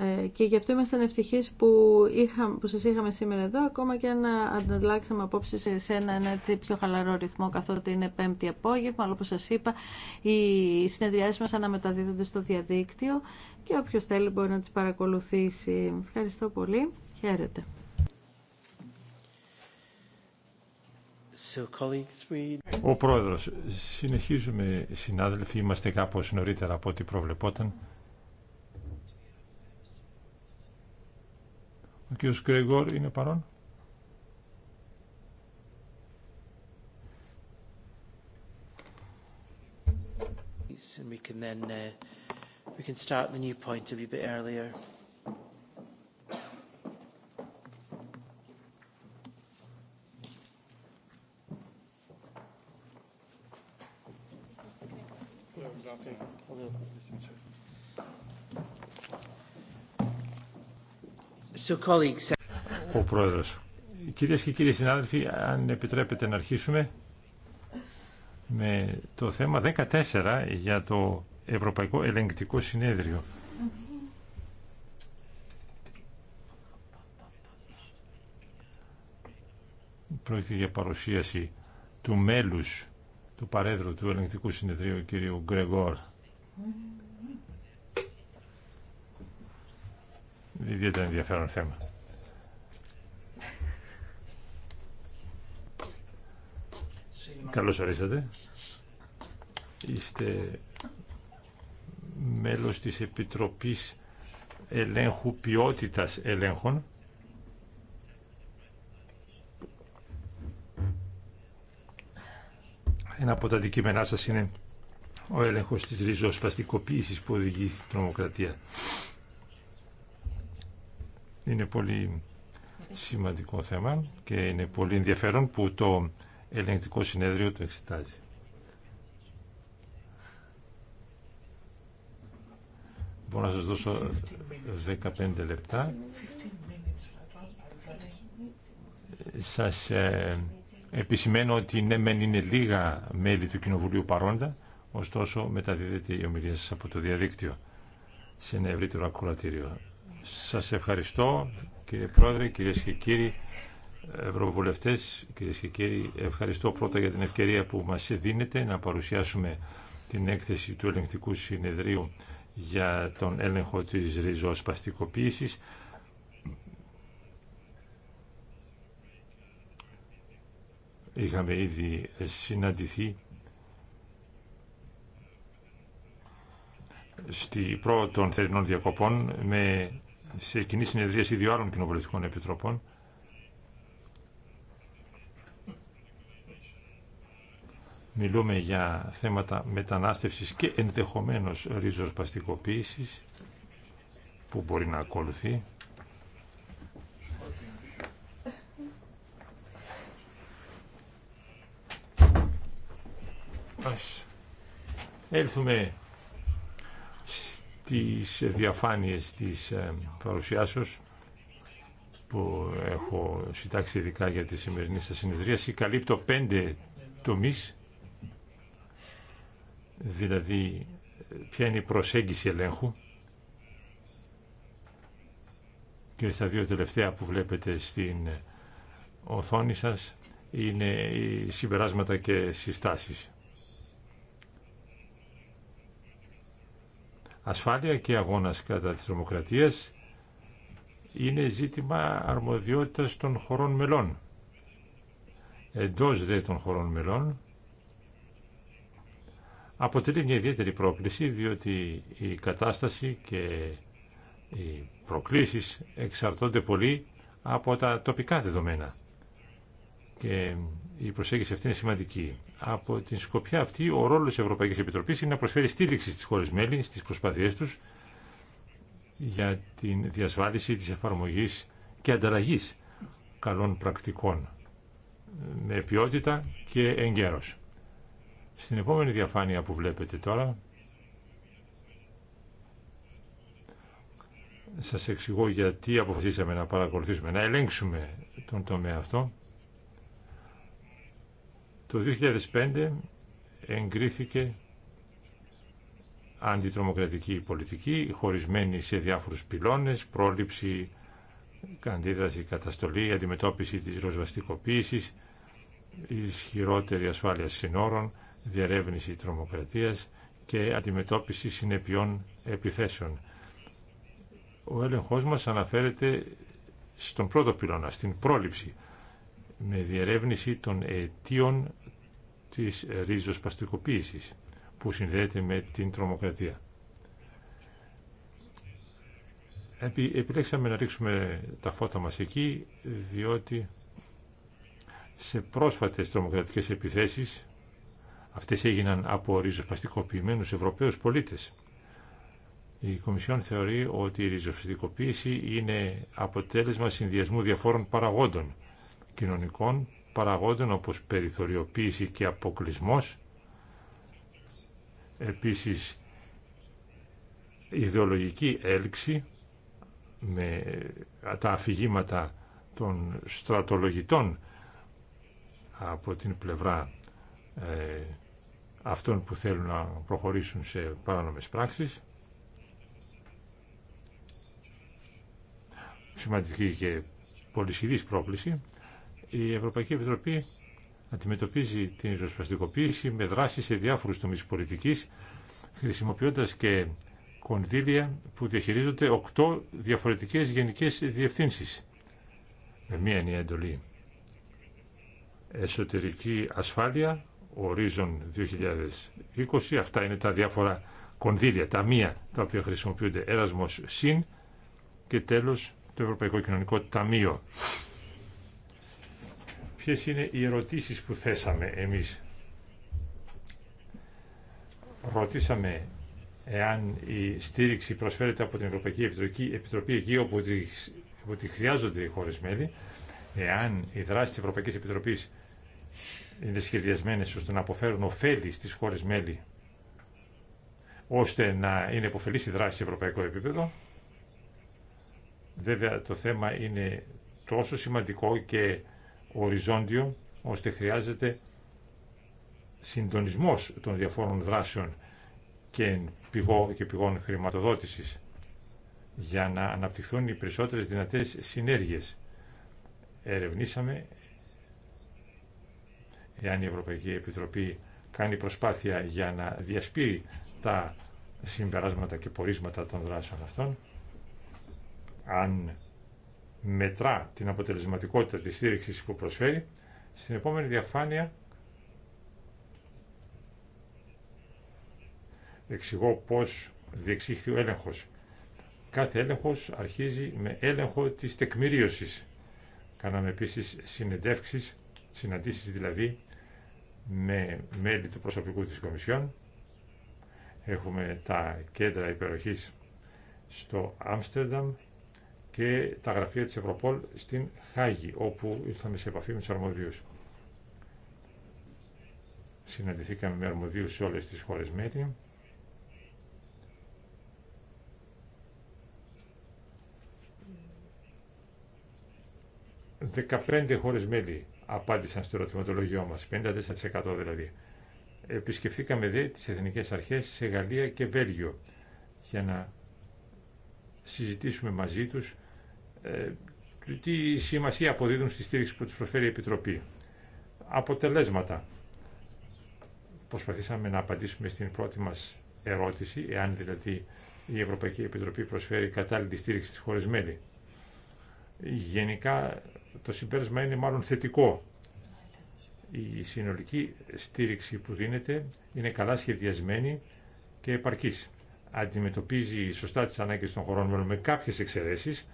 Ε, και γι' αυτό ήμασταν ευτυχεί που, είχα, που σας είχαμε σήμερα εδώ, ακόμα και αν ανταλλάξαμε απόψεις σε ένα, ένα έτσι πιο χαλαρό ρυθμό, καθότι είναι πέμπτη απόγευμα, αλλά όπως σας είπα, οι συνεδριάσεις μας αναμεταδίδονται στο διαδίκτυο και όποιο θέλει μπορεί να τις παρακολουθήσει. Ευχαριστώ πολύ. Χαίρετε. Ο Πρόεδρος, συνεχίζουμε συνάδελφοι, είμαστε κάπως νωρίτερα από ό,τι προβλεπόταν. Ο κύριος Γκρέγορ είναι παρόν. and we can then uh, we can start the new point a wee bit earlier. Yeah, Ο Πρόεδρος. Κυρίες και κύριοι συνάδελφοι, αν επιτρέπετε να αρχίσουμε με το θέμα 14 για το Ευρωπαϊκό Ελεγκτικό Συνέδριο. Πρόκειται για παρουσίαση του μέλους του παρέδρου του Ελεγκτικού Συνεδρίου, κύριο Γκρεγόρ. ιδιαίτερα ενδιαφέρον θέμα. Καλώς ορίσατε. Είστε μέλος της Επιτροπής Ελέγχου Ποιότητας Ελέγχων. Ένα από τα αντικείμενά σας είναι ο έλεγχος της ριζοσπαστικοποίησης που οδηγεί στην τρομοκρατία. Είναι πολύ σημαντικό θέμα και είναι πολύ ενδιαφέρον που το ελεγκτικό συνέδριο το εξετάζει. Μπορώ να σας δώσω 15 λεπτά. Σας ε, επισημαίνω ότι ναι μεν είναι λίγα μέλη του Κοινοβουλίου παρόντα, ωστόσο μεταδίδεται η ομιλία σας από το διαδίκτυο σε ένα ευρύτερο ακροατήριο. Σας ευχαριστώ κύριε Πρόεδρε, κυρίες και κύριοι Ευρωβουλευτές, κυρίες και κύριοι. Ευχαριστώ πρώτα για την ευκαιρία που μας δίνεται να παρουσιάσουμε την έκθεση του ελεγκτικού συνεδρίου για τον έλεγχο της ριζοσπαστικοποίησης. Είχαμε ήδη συναντηθεί στη πρώτη των θερινών διακοπών με σε κοινή συνεδρίαση δύο άλλων κοινοβουλευτικών επιτροπών μιλούμε για θέματα μετανάστευσης και ενδεχομένως ριζοσπαστικοποίησης που μπορεί να ακολουθεί. Ας έλθουμε τις διαφάνειες της ε, παρουσιάσεως που έχω συντάξει ειδικά για τη σημερινή σας συνεδρίαση. Καλύπτω πέντε τομείς, δηλαδή ποια είναι η προσέγγιση ελέγχου και στα δύο τελευταία που βλέπετε στην οθόνη σας είναι οι συμπεράσματα και συστάσεις. ασφάλεια και αγώνας κατά της δημοκρατίας είναι ζήτημα αρμοδιότητας των χωρών μελών. Εντός δε των χωρών μελών αποτελεί μια ιδιαίτερη πρόκληση διότι η κατάσταση και οι προκλήσεις εξαρτώνται πολύ από τα τοπικά δεδομένα. Και η προσέγγιση αυτή είναι σημαντική. Από την σκοπιά αυτή, ο ρόλο τη Ευρωπαϊκή Επιτροπή είναι να προσφέρει στήριξη στι χώρε μέλη, στι προσπάθειέ του για την διασφάλιση τη εφαρμογή και ανταλλαγή καλών πρακτικών με ποιότητα και εγκαίρω. Στην επόμενη διαφάνεια που βλέπετε τώρα σας εξηγώ γιατί αποφασίσαμε να παρακολουθήσουμε, να ελέγξουμε τον τομέα αυτό το 2005 εγκρίθηκε αντιτρομοκρατική πολιτική, χωρισμένη σε διάφορους πυλώνες, πρόληψη, αντίδραση, καταστολή, αντιμετώπιση της ροσβαστικοποίησης, ισχυρότερη ασφάλεια συνόρων, διαρεύνηση τρομοκρατίας και αντιμετώπιση συνεπειών επιθέσεων. Ο έλεγχός μας αναφέρεται στον πρώτο πυλώνα, στην πρόληψη, με διερεύνηση των αιτίων της ρίζοσπαστικοποίησης που συνδέεται με την τρομοκρατία. Επιλέξαμε να ρίξουμε τα φώτα μας εκεί, διότι σε πρόσφατες τρομοκρατικές επιθέσεις, αυτές έγιναν από ριζοσπαστικοποιημένους Ευρωπαίους πολίτες. Η Κομισιόν θεωρεί ότι η ριζοσπαστικοποίηση είναι αποτέλεσμα συνδυασμού διαφόρων παραγόντων, κοινωνικών, παραγόντων όπως περιθωριοποίηση και αποκλεισμό επίσης ιδεολογική έλξη με τα αφηγήματα των στρατολογητών από την πλευρά ε, αυτών που θέλουν να προχωρήσουν σε παράνομες πράξεις. Σημαντική και πολυσχηρής πρόκληση. Η Ευρωπαϊκή Επιτροπή αντιμετωπίζει την ριζοσπαστικοποίηση με δράση σε διάφορους τομείς πολιτικής, χρησιμοποιώντας και κονδύλια που διαχειρίζονται οκτώ διαφορετικές γενικές διευθύνσεις με μία ενιαία εντολή. Εσωτερική ασφάλεια, ορίζον 2020, αυτά είναι τα διάφορα κονδύλια, τα μία τα οποία χρησιμοποιούνται έρασμος συν και τέλος το Ευρωπαϊκό Κοινωνικό Ταμείο ποιες είναι οι ερωτήσεις που θέσαμε εμείς. Ρωτήσαμε εάν η στήριξη προσφέρεται από την Ευρωπαϊκή Επιτροπή, Επιτροπή εκεί όπου τη, όπου τη χρειάζονται οι χώρες μέλη, εάν οι δράσεις της Ευρωπαϊκής Επιτροπής είναι σχεδιασμένες ώστε να αποφέρουν ωφέλη στις χώρες μέλη, ώστε να είναι υποφελής η δράση σε ευρωπαϊκό επίπεδο. Βέβαια το θέμα είναι τόσο σημαντικό και οριζόντιο, ώστε χρειάζεται συντονισμός των διαφόρων δράσεων και πηγών χρηματοδότησης για να αναπτυχθούν οι περισσότερες δυνατές συνέργειες. Ερευνήσαμε εάν η Ευρωπαϊκή Επιτροπή κάνει προσπάθεια για να διασπείρει τα συμπεράσματα και πορίσματα των δράσεων αυτών, αν μετρά την αποτελεσματικότητα της στήριξης που προσφέρει. Στην επόμενη διαφάνεια εξηγώ πώς διεξήχθη ο έλεγχος. Κάθε έλεγχος αρχίζει με έλεγχο της τεκμηρίωσης. Κάναμε επίσης συνεντεύξεις, συναντήσεις δηλαδή, με μέλη του προσωπικού της Κομισιόν. Έχουμε τα κέντρα υπεροχής στο Άμστερνταμ και τα γραφεία της Ευρωπόλ στην Χάγη, όπου ήρθαμε σε επαφή με τους αρμοδίους. Συναντηθήκαμε με αρμοδίους σε όλες τις χώρες μέλη. Δεκαπέντε χώρες μέλη απάντησαν στο ερωτηματολόγιο μας, 54% δηλαδή. Επισκεφθήκαμε δε τις εθνικές αρχές σε Γαλλία και Βέλγιο για να συζητήσουμε μαζί τους ε, τι σημασία αποδίδουν στη στήριξη που τους προσφέρει η Επιτροπή. Αποτελέσματα. Προσπαθήσαμε να απαντήσουμε στην πρώτη μας ερώτηση, εάν δηλαδή η Ευρωπαϊκή Επιτροπή προσφέρει κατάλληλη στήριξη στις χώρες μέλη. Γενικά το συμπέρασμα είναι μάλλον θετικό. Η συνολική στήριξη που δίνεται είναι καλά σχεδιασμένη και επαρκής. Αντιμετωπίζει σωστά τις ανάγκες των χωρών με κάποιες εξαιρέσεις,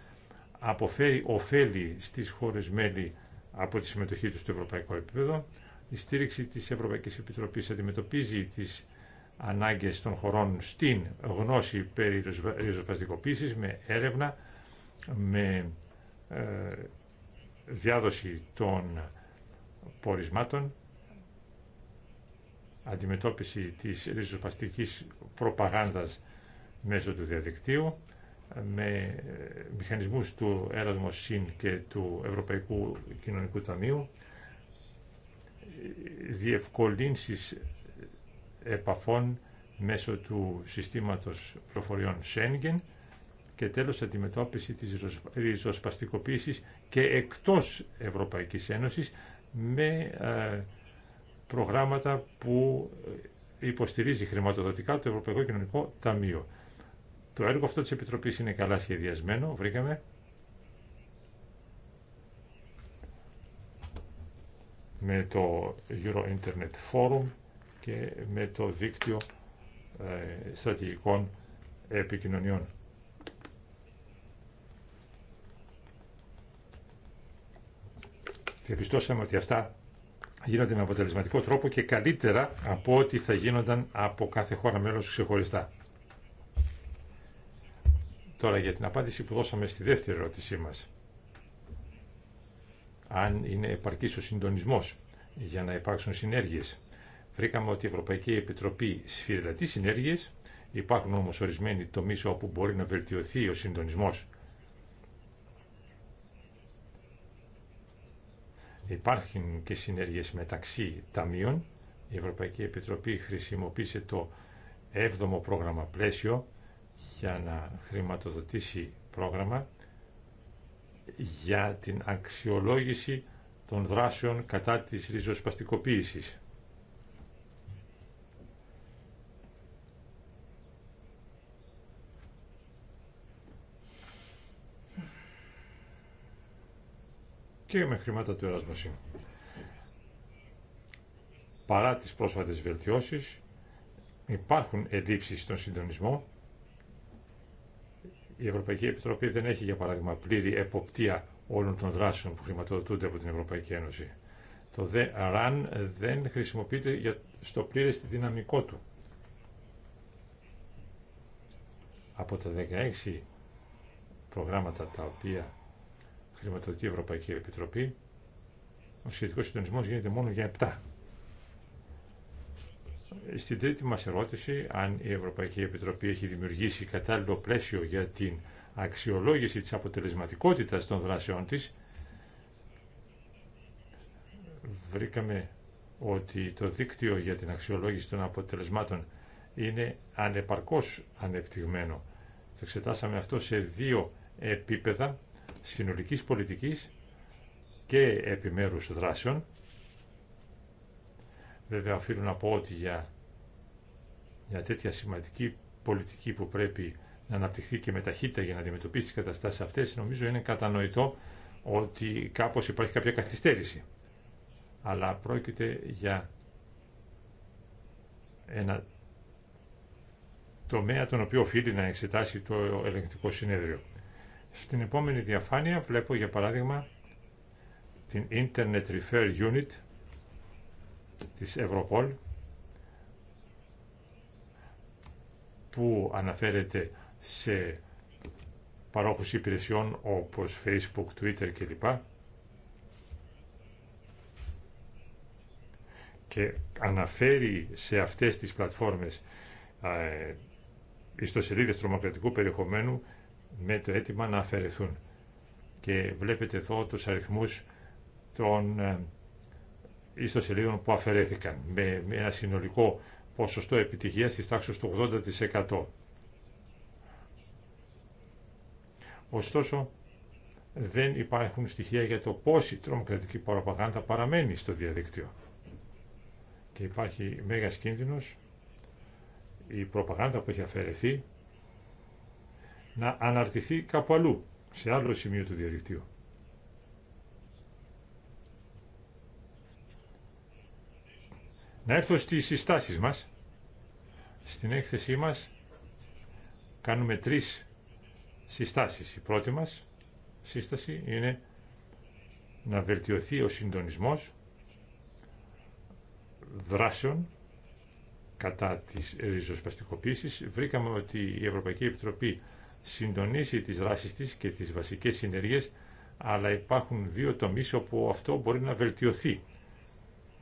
αποφέρει ωφέλη στις χώρες μέλη από τη συμμετοχή του στο ευρωπαϊκό επίπεδο. Η στήριξη της Ευρωπαϊκής Επιτροπής αντιμετωπίζει τις ανάγκες των χωρών στην γνώση περί ριζοσπαστικοποίησης με έρευνα, με ε, διάδοση των πορισμάτων, αντιμετώπιση της ριζοσπαστικής προπαγάνδας μέσω του διαδικτύου, με ε, μηχανισμούς του ΣΥΝ και του Ευρωπαϊκού Κοινωνικού Ταμείου, διευκολύνσεις επαφών μέσω του συστήματος προφοριών Schengen και τέλος αντιμετώπιση της ριζοσπαστικοποίησης και εκτός Ευρωπαϊκής Ένωσης με ε, προγράμματα που ε, υποστηρίζει χρηματοδοτικά το Ευρωπαϊκό Κοινωνικό Ταμείο. Το έργο αυτό της Επιτροπής είναι καλά σχεδιασμένο, βρήκαμε. με το Euro Internet Forum και με το δίκτυο ε, στρατηγικών επικοινωνιών. Διαπιστώσαμε ότι αυτά γίνονται με αποτελεσματικό τρόπο και καλύτερα από ό,τι θα γίνονταν από κάθε χώρα μέλος ξεχωριστά. Τώρα για την απάντηση που δώσαμε στη δεύτερη ερώτησή μας. Αν είναι επαρκής ο συντονισμός για να υπάρξουν συνέργειες. Βρήκαμε ότι η Ευρωπαϊκή Επιτροπή σφυριλατεί συνέργειες, υπάρχουν όμως ορισμένοι τομείς όπου μπορεί να βελτιωθεί ο συντονισμός. Υπάρχουν και συνέργειες μεταξύ ταμείων. Η Ευρωπαϊκή Επιτροπή χρησιμοποίησε το 7ο πρόγραμμα πλαίσιο για να χρηματοδοτήσει πρόγραμμα για την αξιολόγηση των δράσεων κατά της ριζοσπαστικοποίησης. και με χρήματα του Ερασμοσύμ. Παρά τις πρόσφατες βελτιώσεις, υπάρχουν ελλείψεις στον συντονισμό η Ευρωπαϊκή Επιτροπή δεν έχει, για παράδειγμα, πλήρη εποπτεία όλων των δράσεων που χρηματοδοτούνται από την Ευρωπαϊκή Ένωση. Το δε RAN δεν χρησιμοποιείται για, στο πλήρες δυναμικό του. Από τα 16 προγράμματα τα οποία χρηματοδοτεί η Ευρωπαϊκή Επιτροπή, ο σχετικός συντονισμός γίνεται μόνο για 7. Στην τρίτη μας ερώτηση, αν η Ευρωπαϊκή Επιτροπή έχει δημιουργήσει κατάλληλο πλαίσιο για την αξιολόγηση της αποτελεσματικότητας των δράσεών της, βρήκαμε ότι το δίκτυο για την αξιολόγηση των αποτελεσμάτων είναι ανεπαρκώς ανεπτυγμένο. Το εξετάσαμε αυτό σε δύο επίπεδα συνολικής πολιτικής και επιμέρους δράσεων Βέβαια οφείλω να πω ότι για μια τέτοια σημαντική πολιτική που πρέπει να αναπτυχθεί και με ταχύτητα για να αντιμετωπίσει τις καταστάσεις αυτές, νομίζω είναι κατανοητό ότι κάπως υπάρχει κάποια καθυστέρηση. Αλλά πρόκειται για ένα τομέα τον οποίο οφείλει να εξετάσει το ελεγκτικό συνέδριο. Στην επόμενη διαφάνεια βλέπω για παράδειγμα την Internet Refer Unit της Ευρωπόλ που αναφέρεται σε παρόχους υπηρεσιών όπως Facebook, Twitter κλπ. Και αναφέρει σε αυτές τις πλατφόρμες ε, ιστοσελίδες τρομοκρατικού περιεχομένου με το αίτημα να αφαιρεθούν. Και βλέπετε εδώ τους αριθμούς των ε, ιστοσελίδων που αφαιρέθηκαν με ένα συνολικό ποσοστό επιτυχίας της τάξης του 80%. Ωστόσο, δεν υπάρχουν στοιχεία για το η τρομοκρατική παραπαγάνδα παραμένει στο διαδίκτυο. Και υπάρχει μέγας κίνδυνος η προπαγάνδα που έχει αφαιρεθεί να αναρτηθεί κάπου αλλού, σε άλλο σημείο του διαδικτύου. Να έρθω στις συστάσεις μας. Στην έκθεσή μας κάνουμε τρεις συστάσεις. Η πρώτη μας σύσταση είναι να βελτιωθεί ο συντονισμός δράσεων κατά της ριζοσπαστικοποίησης. Βρήκαμε ότι η Ευρωπαϊκή Επιτροπή συντονίσει τις δράσεις της και τις βασικές συνεργές, αλλά υπάρχουν δύο τομείς όπου αυτό μπορεί να βελτιωθεί.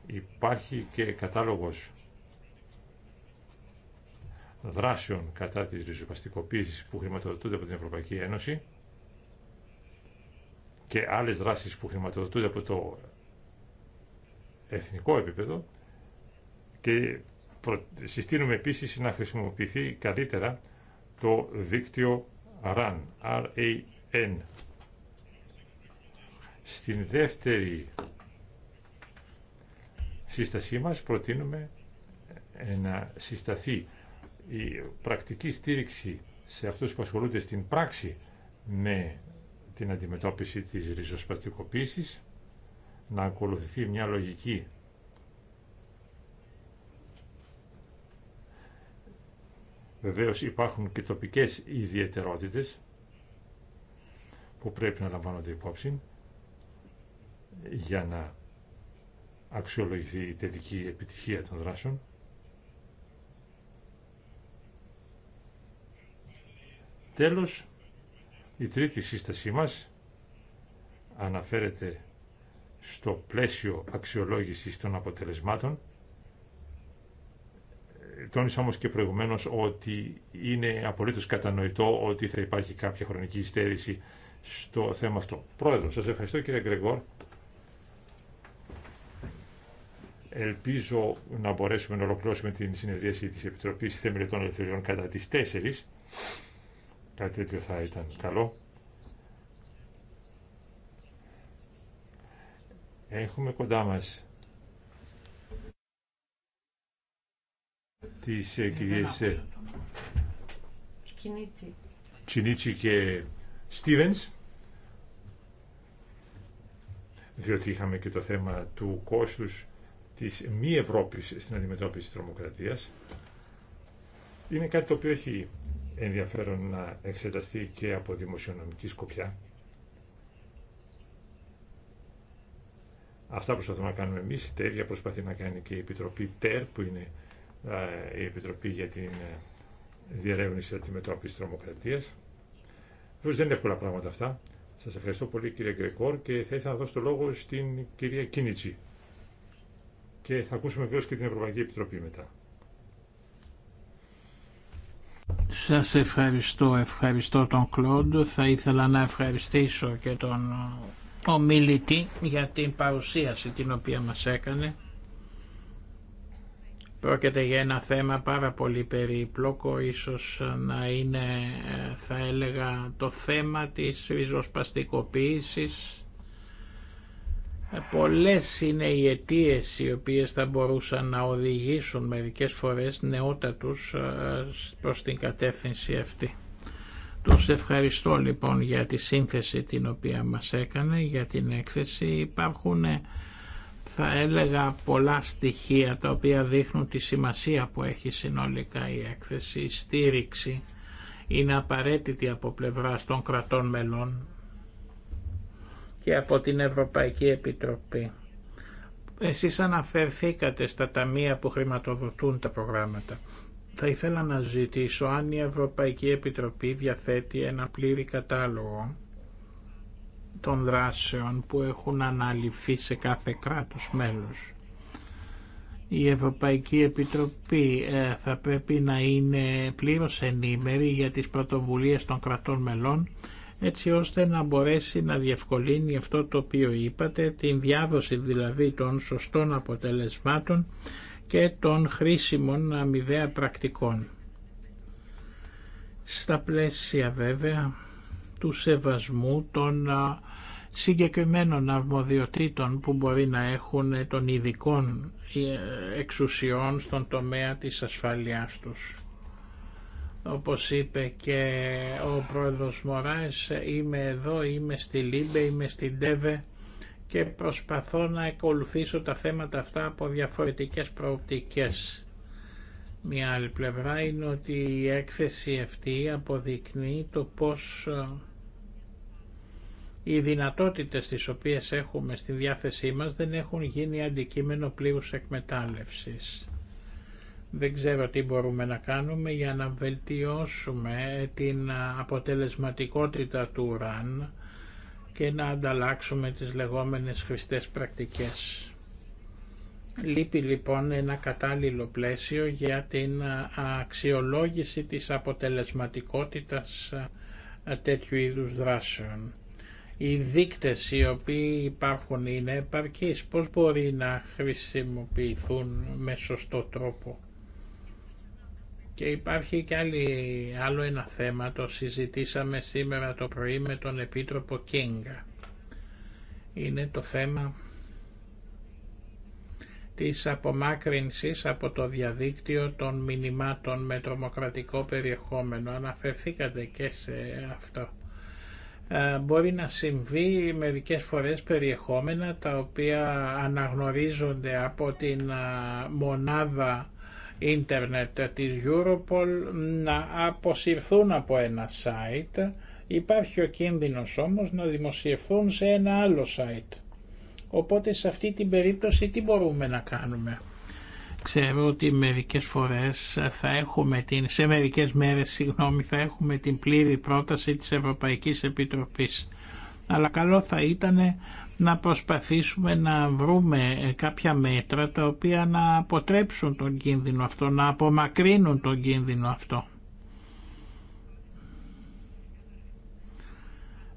Υπάρχει και κατάλογος δράσεων κατά της ριζοσπαστικοποίησης που χρηματοδοτούνται από την Ευρωπαϊκή Ένωση και άλλες δράσεις που χρηματοδοτούνται από το εθνικό επίπεδο και συστήνουμε επίσης να χρησιμοποιηθεί καλύτερα το δίκτυο RAN, R-A-N Στην δεύτερη σύστασή μας προτείνουμε να συσταθεί η πρακτική στήριξη σε αυτούς που ασχολούνται στην πράξη με την αντιμετώπιση της ριζοσπαστικοποίησης, να ακολουθηθεί μια λογική Βεβαίως υπάρχουν και τοπικές ιδιαιτερότητες που πρέπει να λαμβάνονται υπόψη για να αξιολογηθεί η τελική επιτυχία των δράσεων. Τέλος, η τρίτη σύστασή μας αναφέρεται στο πλαίσιο αξιολόγησης των αποτελεσμάτων. Τόνισα όμως και προηγουμένως ότι είναι απολύτως κατανοητό ότι θα υπάρχει κάποια χρονική υστέρηση στο θέμα αυτό. Πρόεδρο, σας ευχαριστώ κύριε Γκρεγόρ. Ελπίζω να μπορέσουμε να ολοκληρώσουμε την συνεδρίαση της Επιτροπής Θεμελιωτών Ελευθεριών κατά τις 4. Κάτι τέτοιο θα ήταν καλό. Έχουμε κοντά μας τις ε, κυρίες Τσινίτσι ε, και Στίβενς διότι είχαμε και το θέμα του κόστους της μη Ευρώπης στην αντιμετώπιση της τρομοκρατίας είναι κάτι το οποίο έχει ενδιαφέρον να εξεταστεί και από δημοσιονομική σκοπιά. Αυτά προσπαθούμε να κάνουμε εμείς, τα ίδια προσπαθεί να κάνει και η Επιτροπή ΤΕΡ, που είναι η Επιτροπή για την ε, Διερεύνηση της Αντιμετώπισης Τρομοκρατίας. Βέβαια δεν είναι εύκολα πράγματα αυτά. Σας ευχαριστώ πολύ κύριε Γκρεκόρ και θα ήθελα να δώσω το λόγο στην κυρία Κίνιτσι. Και θα ακούσουμε βεβαίω και την Ευρωπαϊκή Επιτροπή μετά. Σας ευχαριστώ, ευχαριστώ τον Κλόντ. Θα ήθελα να ευχαριστήσω και τον ομιλητή για την παρουσίαση την οποία μας έκανε. Πρόκειται για ένα θέμα πάρα πολύ περίπλοκο, ίσως να είναι, ε, θα έλεγα, το θέμα της ριζοσπαστικοποίησης ε, πολλές είναι οι αιτίε οι οποίες θα μπορούσαν να οδηγήσουν μερικές φορές νεότατους ε, προς την κατεύθυνση αυτή. Τους ευχαριστώ λοιπόν για τη σύνθεση την οποία μας έκανε, για την έκθεση. Υπάρχουν ε, θα έλεγα πολλά στοιχεία τα οποία δείχνουν τη σημασία που έχει συνολικά η έκθεση, η στήριξη είναι απαραίτητη από πλευρά των κρατών μελών και από την Ευρωπαϊκή Επιτροπή. Εσείς αναφερθήκατε στα ταμεία που χρηματοδοτούν τα προγράμματα. Θα ήθελα να ζητήσω αν η Ευρωπαϊκή Επιτροπή διαθέτει ένα πλήρη κατάλογο των δράσεων που έχουν αναλυφθεί σε κάθε κράτος μέλος. Η Ευρωπαϊκή Επιτροπή ε, θα πρέπει να είναι πλήρως ενήμερη για τις πρωτοβουλίες των κρατών μελών έτσι ώστε να μπορέσει να διευκολύνει αυτό το οποίο είπατε, την διάδοση δηλαδή των σωστών αποτελεσμάτων και των χρήσιμων αμοιβαία πρακτικών. Στα πλαίσια βέβαια του σεβασμού των συγκεκριμένων αρμοδιοτήτων που μπορεί να έχουν των ειδικών ε, εξουσιών στον τομέα της ασφαλείας τους. Όπως είπε και ο πρόεδρος Μωράης, είμαι εδώ, είμαι στη Λίμπε, είμαι στην Τέβε και προσπαθώ να ακολουθήσω τα θέματα αυτά από διαφορετικές προοπτικές. Μια άλλη πλευρά είναι ότι η έκθεση αυτή αποδεικνύει το πώς ε, οι δυνατότητες τις οποίες έχουμε στη διάθεσή μας δεν έχουν γίνει αντικείμενο πλήρους εκμετάλλευσης. Δεν ξέρω τι μπορούμε να κάνουμε για να βελτιώσουμε την αποτελεσματικότητα του ουράν και να ανταλλάξουμε τις λεγόμενες χρηστές πρακτικές. Λείπει λοιπόν ένα κατάλληλο πλαίσιο για την αξιολόγηση της αποτελεσματικότητας τέτοιου είδους δράσεων. Οι δείκτες οι οποίοι υπάρχουν είναι επαρκείς, πώς μπορεί να χρησιμοποιηθούν με σωστό τρόπο. Και υπάρχει και άλλο ένα θέμα, το συζητήσαμε σήμερα το πρωί με τον Επίτροπο Κίνγκα. Είναι το θέμα της απομάκρυνσης από το διαδίκτυο των μηνυμάτων με τρομοκρατικό περιεχόμενο. Αναφερθήκατε και σε αυτό. Ε, μπορεί να συμβεί μερικές φορές περιεχόμενα τα οποία αναγνωρίζονται από την ε, μονάδα ίντερνετ της Europol να αποσυρθούν από ένα site. Υπάρχει ο κίνδυνος όμως να δημοσιευθούν σε ένα άλλο site. Οπότε σε αυτή την περίπτωση τι μπορούμε να κάνουμε. Ξέρω ότι μερικές φορές θα έχουμε την, σε μερικές μέρες συγγνώμη, θα έχουμε την πλήρη πρόταση της Ευρωπαϊκής Επιτροπής. Αλλά καλό θα ήταν να προσπαθήσουμε να βρούμε κάποια μέτρα τα οποία να αποτρέψουν τον κίνδυνο αυτό, να απομακρύνουν τον κίνδυνο αυτό.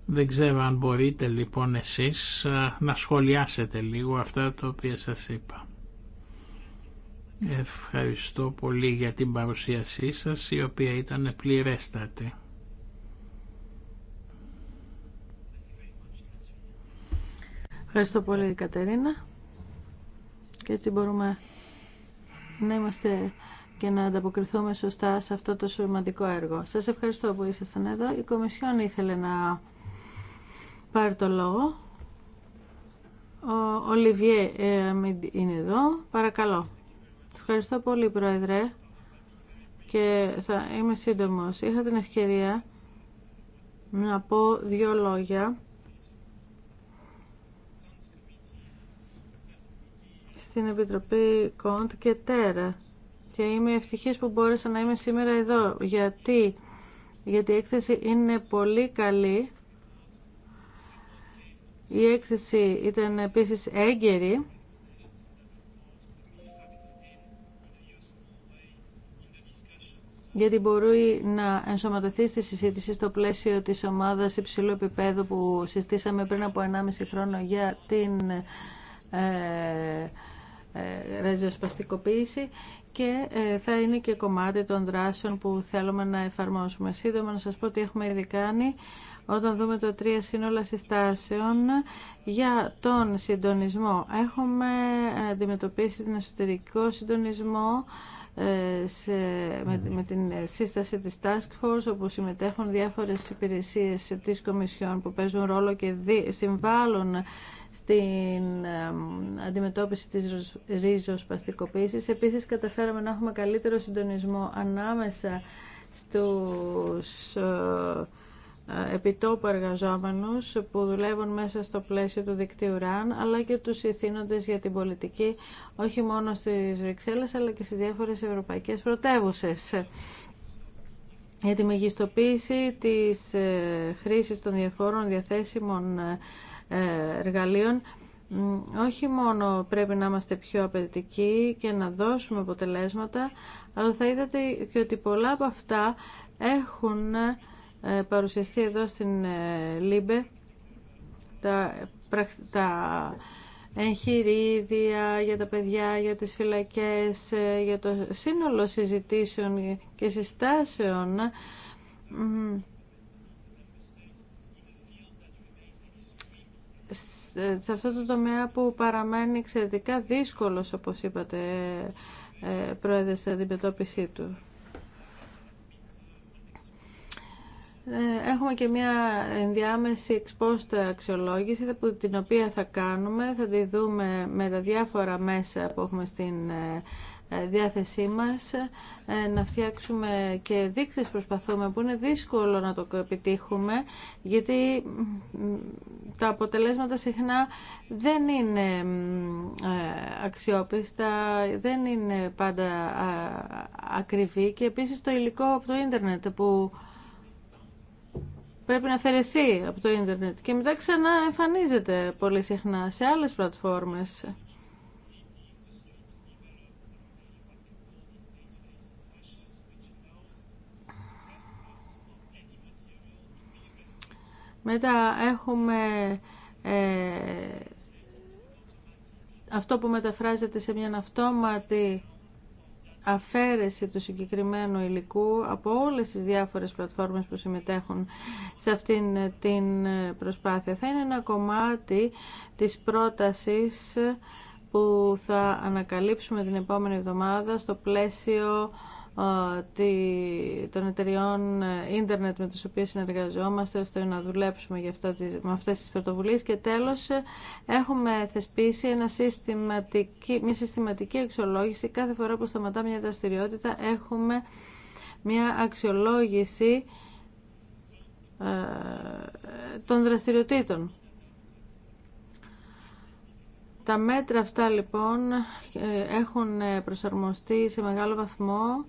Δεν ξέρω αν μπορείτε λοιπόν εσείς να σχολιάσετε λίγο αυτά τα οποία σας είπα. Ευχαριστώ πολύ για την παρουσίασή σας η οποία ήταν πληρέστατη. Ευχαριστώ πολύ Κατερίνα. Και έτσι μπορούμε να είμαστε και να ανταποκριθούμε σωστά σε αυτό το σημαντικό έργο. Σας ευχαριστώ που ήσασταν εδώ. Η Κομισιόν ήθελε να πάρει το λόγο. Ο Ολιβιέ ε, είναι εδώ. Παρακαλώ. Ευχαριστώ πολύ, Πρόεδρε. Και θα είμαι σύντομος. Είχα την ευκαιρία να πω δύο λόγια στην Επιτροπή Κοντ και Τέρα και είμαι ευτυχής που μπόρεσα να είμαι σήμερα εδώ γιατί, γιατί η έκθεση είναι πολύ καλή η έκθεση ήταν επίσης έγκαιρη γιατί μπορεί να ενσωματωθεί στη συζήτηση στο πλαίσιο της ομάδας υψηλού επίπεδου που συστήσαμε πριν από 1,5 χρόνο για την ε, ε, ρεζοσπαστικοποίηση και ε, θα είναι και κομμάτι των δράσεων που θέλουμε να εφαρμόσουμε. Σύντομα να σας πω ότι έχουμε ήδη κάνει όταν δούμε το τρία σύνολα συστάσεων για τον συντονισμό. Έχουμε αντιμετωπίσει τον εσωτερικό συντονισμό ε, σε, με, την σύσταση της Task Force όπου συμμετέχουν διάφορες υπηρεσίες της Κομισιόν που παίζουν ρόλο και δι, συμβάλλουν στην αντιμετώπιση της ρίζοσπαστικοποίησης. Επίσης, καταφέραμε να έχουμε καλύτερο συντονισμό ανάμεσα στους ε, ε, επιτόπου εργαζόμενους που δουλεύουν μέσα στο πλαίσιο του δικτύου ΡΑΝ, αλλά και τους ηθήνοντες για την πολιτική, όχι μόνο στις Βρυξέλλες, αλλά και στις διάφορες ευρωπαϊκές πρωτεύουσες για τη μεγιστοποίηση της ε, χρήσης των διαφόρων διαθέσιμων εργαλείων όχι μόνο πρέπει να είμαστε πιο απαιτητικοί και να δώσουμε αποτελέσματα, αλλά θα είδατε και ότι πολλά από αυτά έχουν ε, παρουσιαστεί εδώ στην ε, ΛΥΜΠΕ, τα, τα εγχειρίδια για τα παιδιά, για τις φυλακές, ε, για το σύνολο συζητήσεων και συστάσεων σε αυτό το τομέα που παραμένει εξαιρετικά δύσκολος, όπως είπατε, ε, πρόεδρε, στην αντιμετώπιση του. Ε, έχουμε και μια ενδιάμεση εξπόστα αξιολόγηση την οποία θα κάνουμε, θα τη δούμε με τα διάφορα μέσα που έχουμε στην ε, ε, διάθεσή μας ε, να φτιάξουμε και δείκτες προσπαθούμε που είναι δύσκολο να το επιτύχουμε γιατί τα αποτελέσματα συχνά δεν είναι ε, αξιόπιστα, δεν είναι πάντα ακριβή και επίσης το υλικό από το ίντερνετ που πρέπει να αφαιρεθεί από το ίντερνετ και μετά ξανά εμφανίζεται πολύ συχνά σε άλλες πλατφόρμες. Μετά έχουμε ε, αυτό που μεταφράζεται σε μια αυτόματη αφαίρεση του συγκεκριμένου υλικού από όλες τις διάφορες πλατφόρμες που συμμετέχουν σε αυτήν την προσπάθεια. Θα είναι ένα κομμάτι της πρότασης που θα ανακαλύψουμε την επόμενη εβδομάδα στο πλαίσιο των εταιριών ε, ίντερνετ με τις οποίες συνεργαζόμαστε ώστε να δουλέψουμε για αυτά, με αυτές τις πρωτοβουλίες και τέλος ε, έχουμε θεσπίσει ένα συστηματική, μια συστηματική αξιολόγηση κάθε φορά που σταματά μια δραστηριότητα έχουμε μια αξιολόγηση ε, των δραστηριοτήτων. Τα μέτρα αυτά λοιπόν έχουν προσαρμοστεί σε μεγάλο βαθμό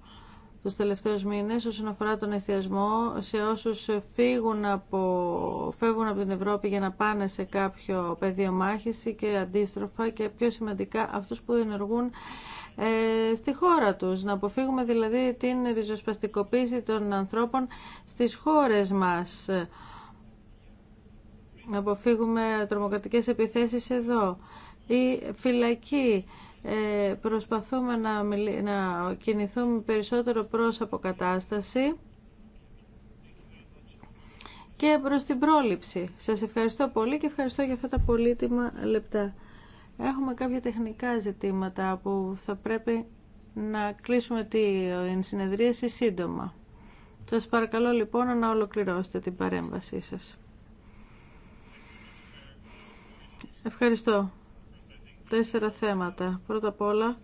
τους τελευταίους μήνες όσον αφορά τον εστιασμό σε όσους φύγουν από, φεύγουν από την Ευρώπη για να πάνε σε κάποιο πεδίο μάχηση και αντίστροφα και πιο σημαντικά αυτούς που ενεργούν ε, στη χώρα τους. Να αποφύγουμε δηλαδή την ριζοσπαστικοποίηση των ανθρώπων στις χώρες μας. Να αποφύγουμε τρομοκρατικές επιθέσεις εδώ. Η φυλακή ε, προσπαθούμε να, να κινηθούμε περισσότερο προς αποκατάσταση και προς την πρόληψη. Σας ευχαριστώ πολύ και ευχαριστώ για αυτά τα πολύτιμα λεπτά. Έχουμε κάποια τεχνικά ζητήματα που θα πρέπει να κλείσουμε την συνεδρίαση σύντομα. Σας παρακαλώ λοιπόν να ολοκληρώσετε την παρέμβασή σας. Ευχαριστώ τέσσερα θέματα. Πρώτα απ' όλα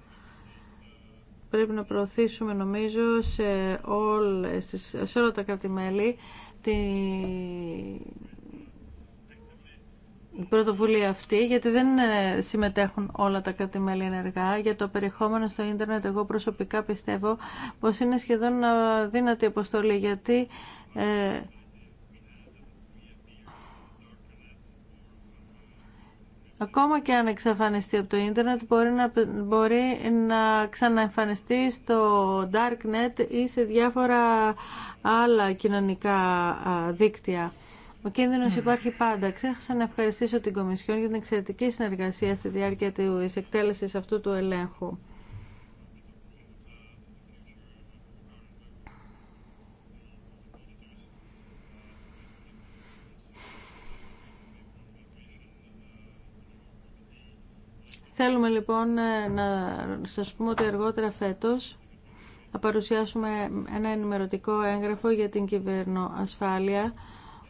πρέπει να προωθήσουμε νομίζω σε, όλες, σε όλα τα κράτη-μέλη την πρωτοβουλία αυτή, γιατί δεν ε, συμμετέχουν όλα τα κράτη-μέλη ενεργά. Για το περιεχόμενο στο ίντερνετ, εγώ προσωπικά πιστεύω πως είναι σχεδόν αδύνατη αποστολή, γιατί ε, Ακόμα και αν εξαφανιστεί από το ίντερνετ, μπορεί να, μπορεί να ξαναεμφανιστεί στο darknet ή σε διάφορα άλλα κοινωνικά δίκτυα. Ο κίνδυνος υπάρχει πάντα. Ξέχασα να ευχαριστήσω την Κομισιόν για την εξαιρετική συνεργασία στη διάρκεια της εκτέλεσης αυτού του ελέγχου. Θέλουμε λοιπόν ε, να σας πούμε ότι αργότερα φέτος θα παρουσιάσουμε ένα ενημερωτικό έγγραφο για την κυβερνοασφάλεια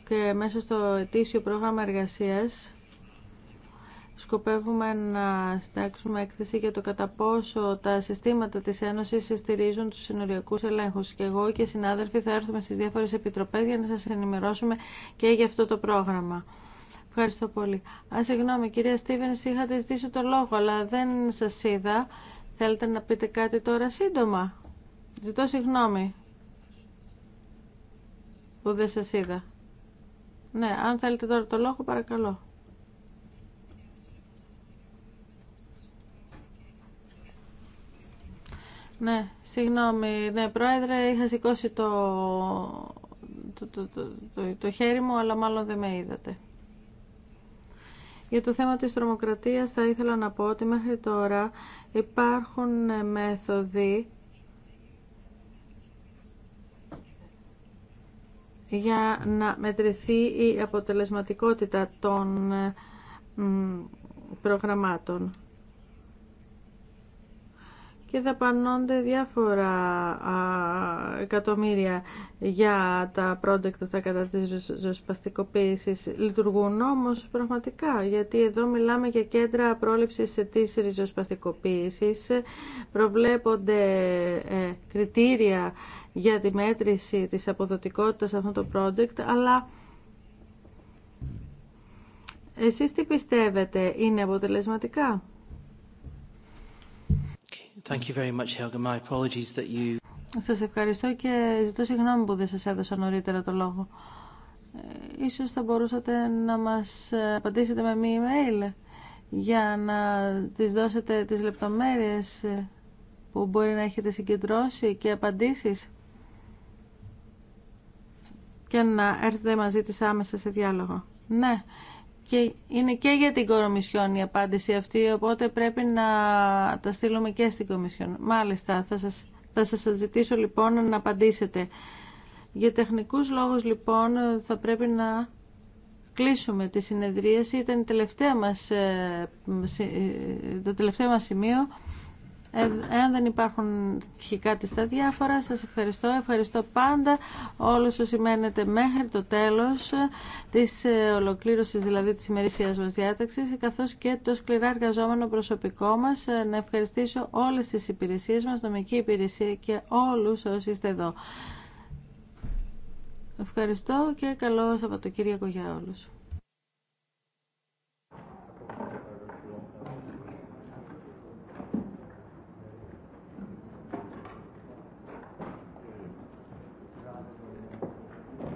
και μέσα στο ετήσιο πρόγραμμα εργασίας σκοπεύουμε να συντάξουμε έκθεση για το κατά πόσο τα συστήματα της Ένωσης στηρίζουν τους συνοριακούς ελέγχους. Και εγώ και συνάδελφοι θα έρθουμε στις διάφορες επιτροπές για να σας ενημερώσουμε και για αυτό το πρόγραμμα. Ευχαριστώ πολύ. Α, συγγνώμη, κυρία Στίβεν, είχατε ζητήσει το λόγο, αλλά δεν σας είδα. Θέλετε να πείτε κάτι τώρα σύντομα. Ζητώ συγγνώμη που δεν σας είδα. Ναι, αν θέλετε τώρα το λόγο, παρακαλώ. Ναι, συγγνώμη. Ναι, πρόεδρε, είχα σηκώσει το, το, το, το, χέρι μου, αλλά μάλλον δεν με είδατε. Για το θέμα της τρομοκρατίας θα ήθελα να πω ότι μέχρι τώρα υπάρχουν ε, μέθοδοι για να μετρηθεί η αποτελεσματικότητα των ε, προγραμμάτων και δαπανώνται διάφορα εκατομμύρια για τα project αυτά κατά της ζωσπαστικοποίηση Λειτουργούν όμως πραγματικά, γιατί εδώ μιλάμε για κέντρα πρόληψης της ριζοσπαστικοποίησης. Προβλέπονται ε, κριτήρια για τη μέτρηση της αποδοτικότητας αυτών το project, αλλά... Εσείς τι πιστεύετε, είναι αποτελεσματικά. Thank you very Σας ευχαριστώ και ζητώ συγγνώμη που δεν σας έδωσα νωρίτερα το λόγο. Ε, ίσως θα μπορούσατε να μας ε, απαντήσετε με μία email για να τις δώσετε τις λεπτομέρειες ε, που μπορεί να έχετε συγκεντρώσει και απαντήσεις και να έρθετε μαζί της άμεσα σε διάλογο. Ναι, και είναι και για την Κορομισιόν η απάντηση αυτή, οπότε πρέπει να τα στείλουμε και στην Κομισιόν. Μάλιστα, θα σας, θα σας ζητήσω λοιπόν να απαντήσετε. Για τεχνικούς λόγους λοιπόν θα πρέπει να κλείσουμε τη συνεδρίαση. Ήταν τελευταία μας, ε, ε, το τελευταίο μας σημείο. Ε, εάν δεν υπάρχουν κάτι στα διάφορα, σας ευχαριστώ. Ευχαριστώ πάντα όλους όσοι μένετε μέχρι το τέλος της ε, ολοκλήρωσης δηλαδή της ημερησίας μας διάταξης, καθώς και το σκληρά εργαζόμενο προσωπικό μας. Ε, να ευχαριστήσω όλες τις υπηρεσίες μας, νομική υπηρεσία και όλους όσοι είστε εδώ. Ευχαριστώ και καλό Σαββατοκύριακο για όλους.